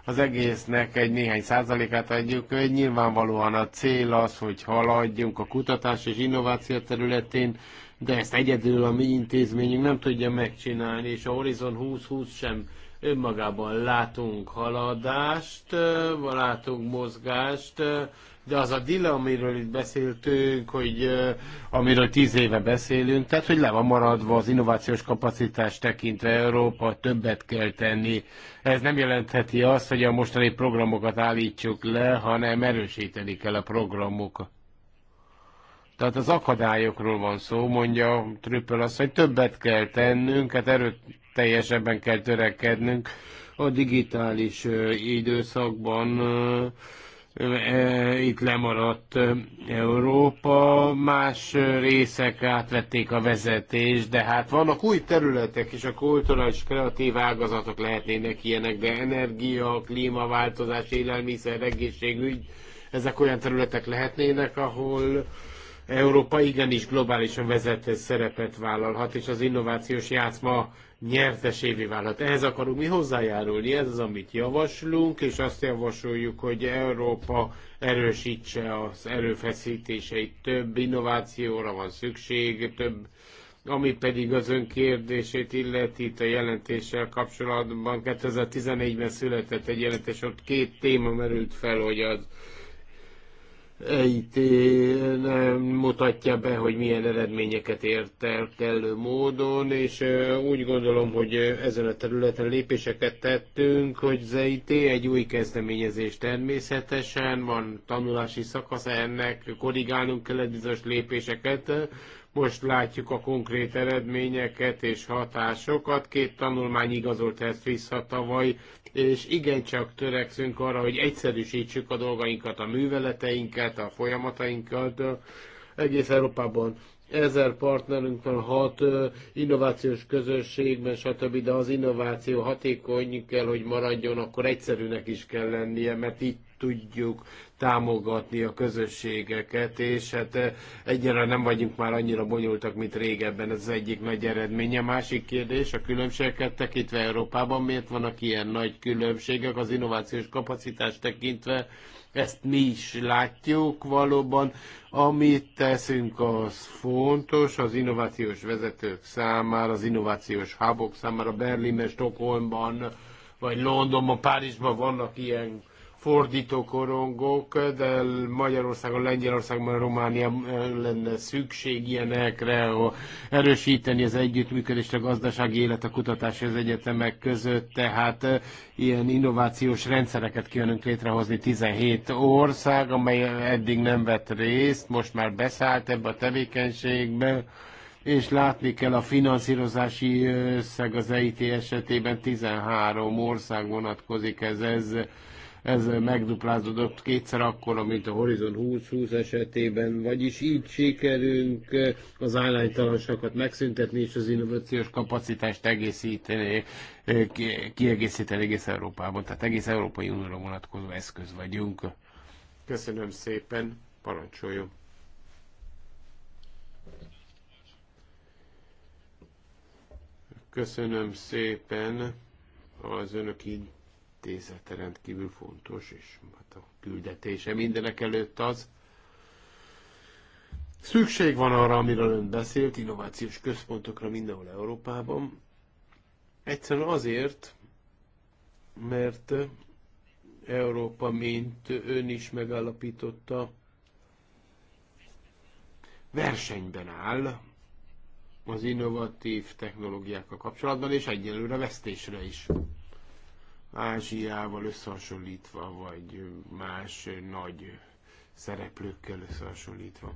az egésznek egy néhány százalékát adjuk. Nyilvánvalóan a cél az, hogy haladjunk a kutatás és innováció területén, de ezt egyedül a mi intézményünk nem tudja megcsinálni, és a Horizon 2020 sem önmagában látunk haladást, látunk mozgást, de az a dile, amiről itt beszéltünk, hogy amiről tíz éve beszélünk, tehát hogy le van maradva az innovációs kapacitás tekintve Európa, többet kell tenni. Ez nem jelentheti azt, hogy a mostani programokat állítsuk le, hanem erősíteni kell a programokat. Tehát az akadályokról van szó, mondja Trüppel azt, hogy többet kell tennünk, hát erőt teljesebben kell törekednünk. A digitális időszakban e, itt lemaradt Európa, más részek átvették a vezetést, de hát vannak új területek, és a kulturális kreatív ágazatok lehetnének ilyenek, de energia, klímaváltozás, élelmiszer, egészségügy, ezek olyan területek lehetnének, ahol Európa igenis globálisan vezető szerepet vállalhat, és az innovációs játszma nyertesévé válhat. Ehhez akarunk mi hozzájárulni, ez az, amit javaslunk, és azt javasoljuk, hogy Európa erősítse az erőfeszítéseit, több innovációra van szükség, több ami pedig az ön kérdését illeti itt a jelentéssel kapcsolatban. 2014-ben született egy jelentés, ott két téma merült fel, hogy az EIT eh, nem mutatja be, hogy milyen eredményeket ért el kellő módon, és eh, úgy gondolom, hogy eh, ezen a területen lépéseket tettünk, hogy az EIT egy új kezdeményezés természetesen, van tanulási szakasz ennek, korrigálnunk kellett bizonyos lépéseket, most látjuk a konkrét eredményeket és hatásokat. Két tanulmány igazolt ezt vissza tavaly, és igencsak törekszünk arra, hogy egyszerűsítsük a dolgainkat, a műveleteinket, a folyamatainkat. Egész Európában ezer van, hat innovációs közösségben, stb. De az innováció hatékony kell, hogy maradjon, akkor egyszerűnek is kell lennie, mert így tudjuk támogatni a közösségeket, és hát eh, egyre nem vagyunk már annyira bonyolultak, mint régebben, ez az egyik nagy eredménye. Másik kérdés, a különbségeket tekintve Európában miért vannak ilyen nagy különbségek az innovációs kapacitást tekintve, ezt mi is látjuk valóban. Amit teszünk, az fontos az innovációs vezetők számára, az innovációs hábok számára Berlinben, Stockholmban, vagy Londonban, Párizsban vannak ilyen korongok, de Magyarországon, Lengyelországban, Románia eh, lenne szükség ilyenekre, erősíteni az együttműködést a gazdasági élet, a kutatási az egyetemek között, tehát eh, ilyen innovációs rendszereket kívánunk létrehozni 17 ország, amely eddig nem vett részt, most már beszállt ebbe a tevékenységbe, és látni kell a finanszírozási összeg az EIT esetében 13 ország vonatkozik ez, ez ez megduplázódott kétszer akkor, mint a Horizon 2020 esetében, vagyis így sikerünk eh, az állánytalanságot megszüntetni és az innovációs kapacitást egészíteni, eh, kiegészíteni egész Európában, tehát egész Európai Unióra vonatkozó eszköz vagyunk. Köszönöm szépen, parancsoljon! Köszönöm szépen az önök intézete rendkívül fontos, és hát a küldetése mindenek előtt az. Szükség van arra, amiről ön beszélt, innovációs központokra mindenhol Európában. Egyszerűen azért, mert Európa, mint ön is megállapította, versenyben áll az innovatív technológiákkal kapcsolatban, és egyelőre vesztésre is. Ázsiával összehasonlítva, vagy más nagy szereplőkkel összehasonlítva.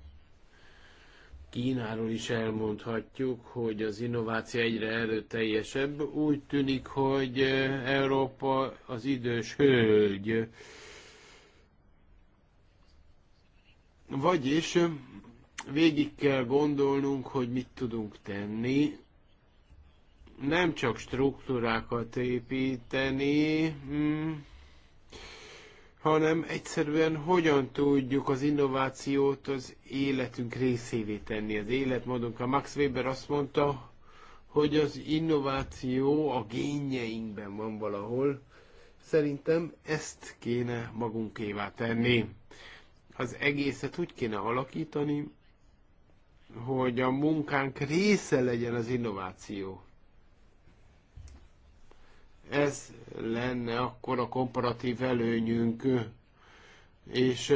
Kínáról is elmondhatjuk, hogy az innováció egyre erőteljesebb. Úgy tűnik, hogy Európa az idős hölgy. Vagyis végig kell gondolnunk, hogy mit tudunk tenni nem csak struktúrákat építeni, hm, hanem egyszerűen hogyan tudjuk az innovációt az életünk részévé tenni, az életmódunk. A Max Weber azt mondta, hogy az innováció a génjeinkben van valahol. Szerintem ezt kéne magunkévá tenni. Az egészet úgy kéne alakítani, hogy a munkánk része legyen az innováció. Ez lenne akkor a komparatív előnyünk, és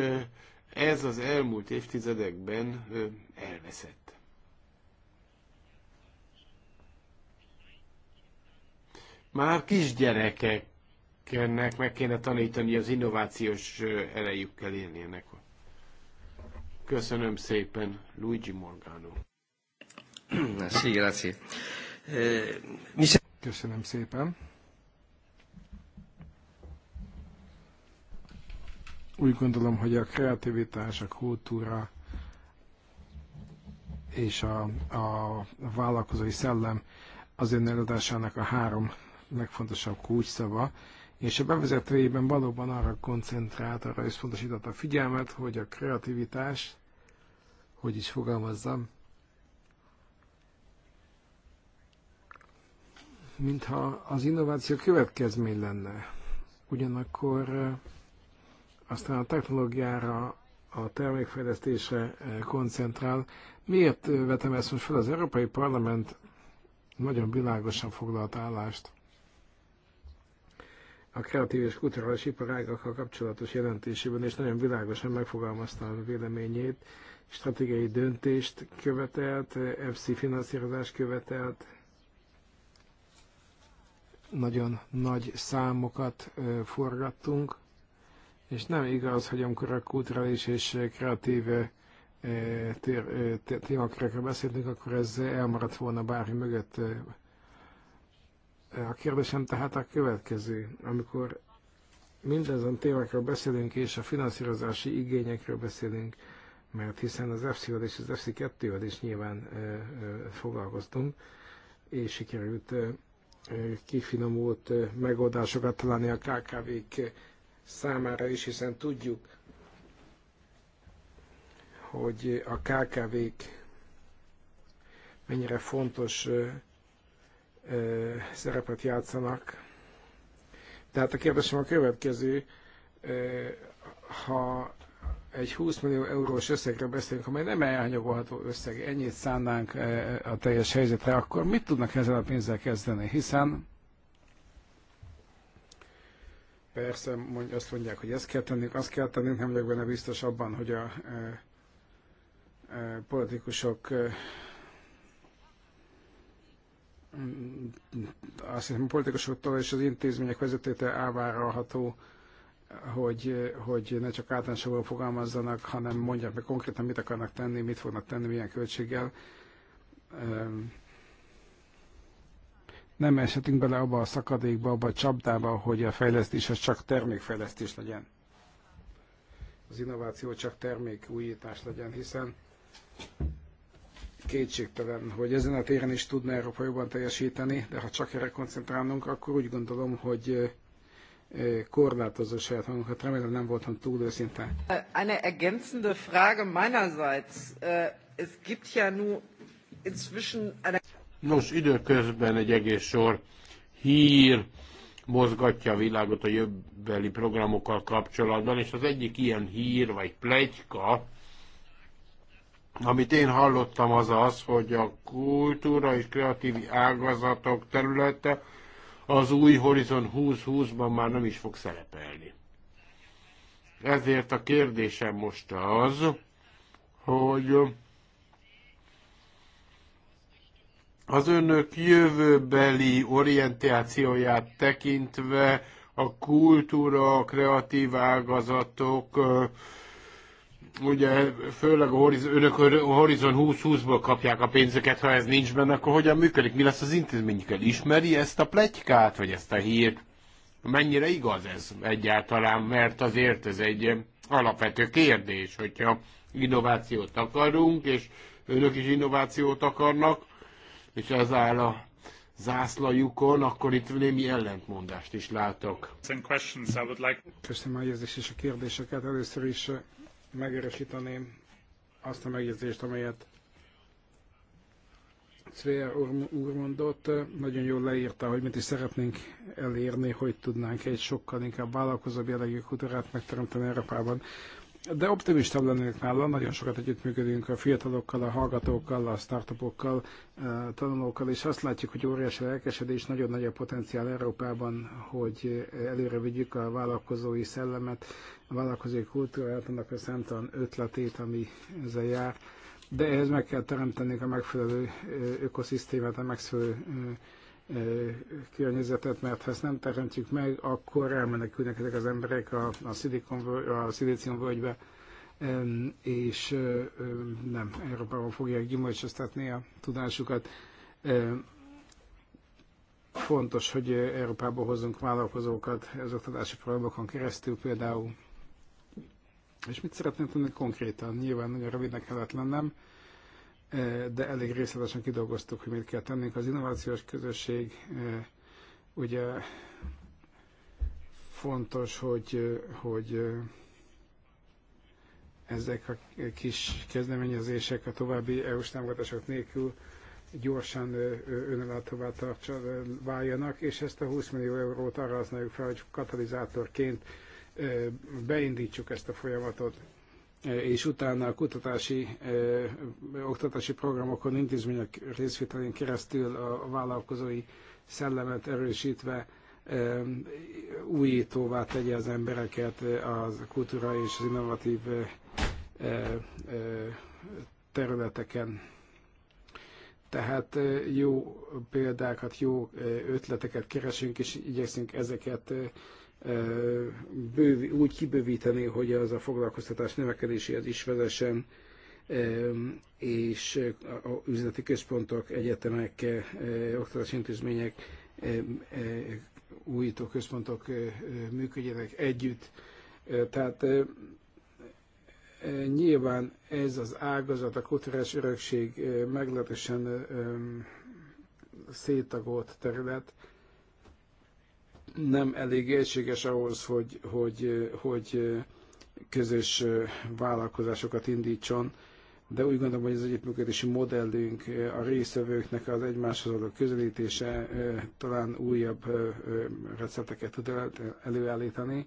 ez az elmúlt évtizedekben elveszett. Már kisgyerekeknek meg kéne tanítani az innovációs erejükkel élnének. Köszönöm szépen, Luigi Morgano. Eh, Köszönöm szépen. Úgy gondolom, hogy a kreativitás, a kultúra és a, a vállalkozói szellem az ön előadásának a három legfontosabb kulcsszava, és a bevezetőjében valóban arra koncentrált, arra összpontosította a figyelmet, hogy a kreativitás, hogy is fogalmazzam, mintha az innováció következmény lenne. Ugyanakkor aztán a technológiára, a termékfejlesztésre eh, koncentrál. Miért eh, vetem ezt most fel? Az Európai Parlament nagyon világosan foglalt állást a kreatív és kulturális iparágakkal kapcsolatos jelentésében, és nagyon világosan megfogalmazta a véleményét, stratégiai döntést követelt, eh, FC finanszírozás követelt, nagyon nagy számokat forgattunk, és nem igaz, hogy amikor a kulturális és kreatív eh, eh, témakörökre beszéltünk, akkor ez elmaradt volna bármi mögött. Eh. A kérdésem tehát a következő. Amikor mindezen témákról beszélünk, és a finanszírozási igényekről beszélünk, mert hiszen az fc és az fc 2 is nyilván ö, ö, foglalkoztunk, és sikerült ö, kifinomult megoldásokat találni a KKV-k számára is, hiszen tudjuk, hogy a KKV-k mennyire fontos szerepet játszanak. Tehát a kérdésem a következő, ha egy 20 millió eurós összegre beszélünk, amely nem elhanyagolható összeg, ennyit szánnánk a teljes helyzetre, akkor mit tudnak ezzel a pénzzel kezdeni? Hiszen Persze mondj, azt mondják, hogy ezt kell tennünk, azt kell tennünk, nem vagyok benne biztos abban, hogy a e, e, politikusok e, azt hiszem a politikusoktól és az intézmények vezetőtől elváralható, hogy, hogy ne csak általánosabban fogalmazzanak, hanem mondják meg konkrétan, mit akarnak tenni, mit fognak tenni, milyen költséggel. E, nem eshetünk bele abba a szakadékba, abba a csapdába, hogy a fejlesztés az csak termékfejlesztés legyen. Az innováció csak termékújítás legyen, hiszen kétségtelen, hogy ezen a téren is tudna Európa jobban teljesíteni, de ha csak erre koncentrálnunk, akkor úgy gondolom, hogy korlátozó saját magunkat. Remélem nem voltam túl őszinte. Eine ergänzende Frage meinerseits. Es gibt ja nur inzwischen eine Nos, időközben egy egész sor hír mozgatja a világot a jövőbeli programokkal kapcsolatban, és az egyik ilyen hír vagy plegyka, amit én hallottam, az az, hogy a kultúra és kreatív ágazatok területe az új Horizon 2020-ban már nem is fog szerepelni. Ezért a kérdésem most az, hogy Az önök jövőbeli orientációját tekintve a kultúra, a kreatív ágazatok, ugye főleg a horiz- önök a Horizon 2020-ból kapják a pénzeket, ha ez nincs benne, akkor hogyan működik? Mi lesz az intézményükkel? Ismeri ezt a pletykát, vagy ezt a hírt? Mennyire igaz ez egyáltalán? Mert azért ez egy alapvető kérdés, hogyha innovációt akarunk, és önök is innovációt akarnak, és az áll a zászlajukon, akkor itt némi ellentmondást is látok. Köszönöm a jegyzést és a kérdéseket. Először is eh, megerősíteném azt a megjegyzést, amelyet Szvér úr mondott, nagyon jól leírta, hogy mit is szeretnénk elérni, hogy tudnánk egy sokkal inkább vállalkozóbb jellegű kultúrát megteremteni Európában de optimista lennék nála, nagyon sokat együttműködünk a fiatalokkal, a hallgatókkal, a startupokkal, a tanulókkal, és azt látjuk, hogy óriási lelkesedés, nagyon nagy a potenciál Európában, hogy előre vigyük a vállalkozói szellemet, a vállalkozói kultúrát, annak a szemtelen ötletét, ami ezzel jár. De ehhez meg kell teremtenünk a megfelelő ökoszisztémát, a megfelelő környezetet, mert ha ezt nem teremtjük meg, akkor elmenekülnek ezek az emberek a, a, szilikon, a völgybe, és nem, Európában fogják gyümölcsöztetni a tudásukat. Fontos, hogy Európába hozzunk vállalkozókat az oktatási programokon keresztül például. És mit szeretném tenni konkrétan? Nyilván nagyon rövidnek kellett lennem. Eh, de elég részletesen kidolgoztuk, hogy mit kell tennünk. Az innovációs közösség eh, ugye fontos, hogy, eh, hogy ezek a kis kezdeményezések a további EU-s támogatások nélkül gyorsan önellátóvá váljanak, és ezt a 20 millió eurót arra használjuk fel, hogy katalizátorként beindítsuk ezt a folyamatot. Eh, és utána a kutatási, eh, oktatási programokon, intézmények részvételén keresztül a vállalkozói szellemet erősítve eh, újítóvá tegye az embereket a kultúra és az innovatív területeken. Tehát jó példákat, jó ötleteket keresünk, és igyekszünk ezeket bőv, úgy kibővíteni, hogy az a foglalkoztatás növekedéséhez is vezessen, és a üzleti központok, egyetemek, oktatási intézmények, újító központok működjenek együtt. Tehát nyilván ez az ágazat, a kulturális örökség meglehetősen széttagolt terület, nem elég egységes ahhoz, hogy, hogy, hogy közös vállalkozásokat indítson, de úgy gondolom, hogy az együttműködési modellünk, a résztvevőknek az egymáshoz való közelítése talán újabb recepteket tud előállítani.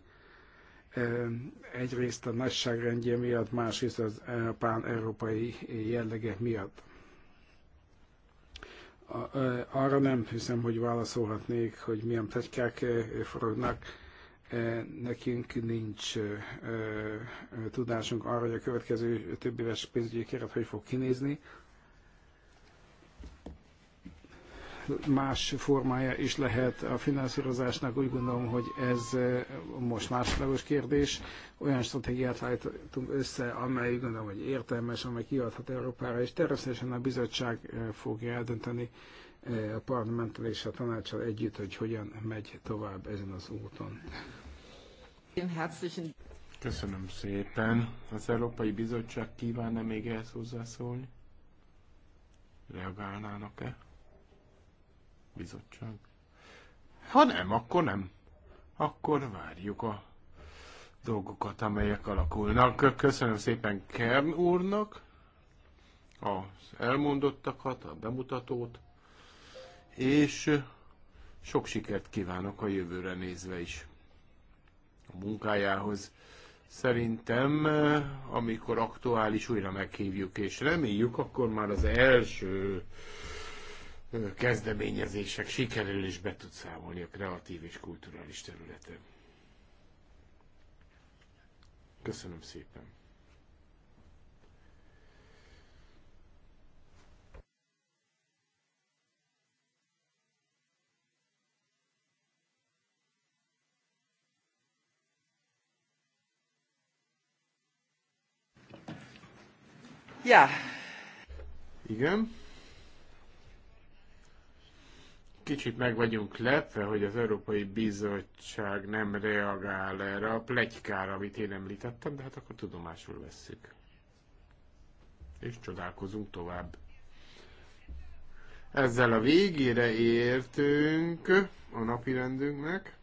Egyrészt a nagyságrendje miatt, másrészt az pán-európai jellege miatt arra nem hiszem, hogy válaszolhatnék, hogy milyen plegykák forognak. Nekünk nincs tudásunk arra, hogy a következő több éves pénzügyi keret hogy fog kinézni. más formája is lehet a finanszírozásnak. Úgy gondolom, hogy ez eh, most másodlagos kérdés. Olyan stratégiát állítunk össze, amely úgy gondolom, hogy értelmes, amely kiadhat Európára, és természetesen a bizottság eh, fogja eldönteni eh, a parlamenttel és a tanácsal együtt, hogy hogyan megy tovább ezen az úton. Köszönöm szépen. Az Európai Bizottság kíván -e még ehhez hozzászólni? Reagálnának-e? bizottság. Ha nem, akkor nem. Akkor várjuk a dolgokat, amelyek alakulnak. Köszönöm szépen Kern úrnak az elmondottakat, a bemutatót, és sok sikert kívánok a jövőre nézve is a munkájához. Szerintem, amikor aktuális, újra meghívjuk, és reméljük, akkor már az első kezdeményezések sikerül is be tud számolni a kreatív és kulturális területen. Köszönöm szépen! Ja. Igen. Kicsit meg vagyunk lepve, hogy az Európai Bizottság nem reagál erre a plegykára, amit én említettem, de hát akkor tudomásul vesszük. És csodálkozunk tovább. Ezzel a végére értünk a napirendünknek.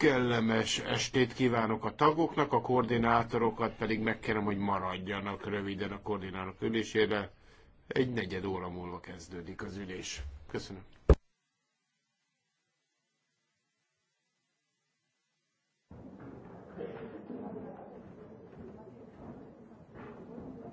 kellemes estét kívánok a tagoknak, a koordinátorokat pedig megkérem, hogy maradjanak röviden a koordinátorok ülésére. Egy negyed óra múlva kezdődik az ülés. Köszönöm.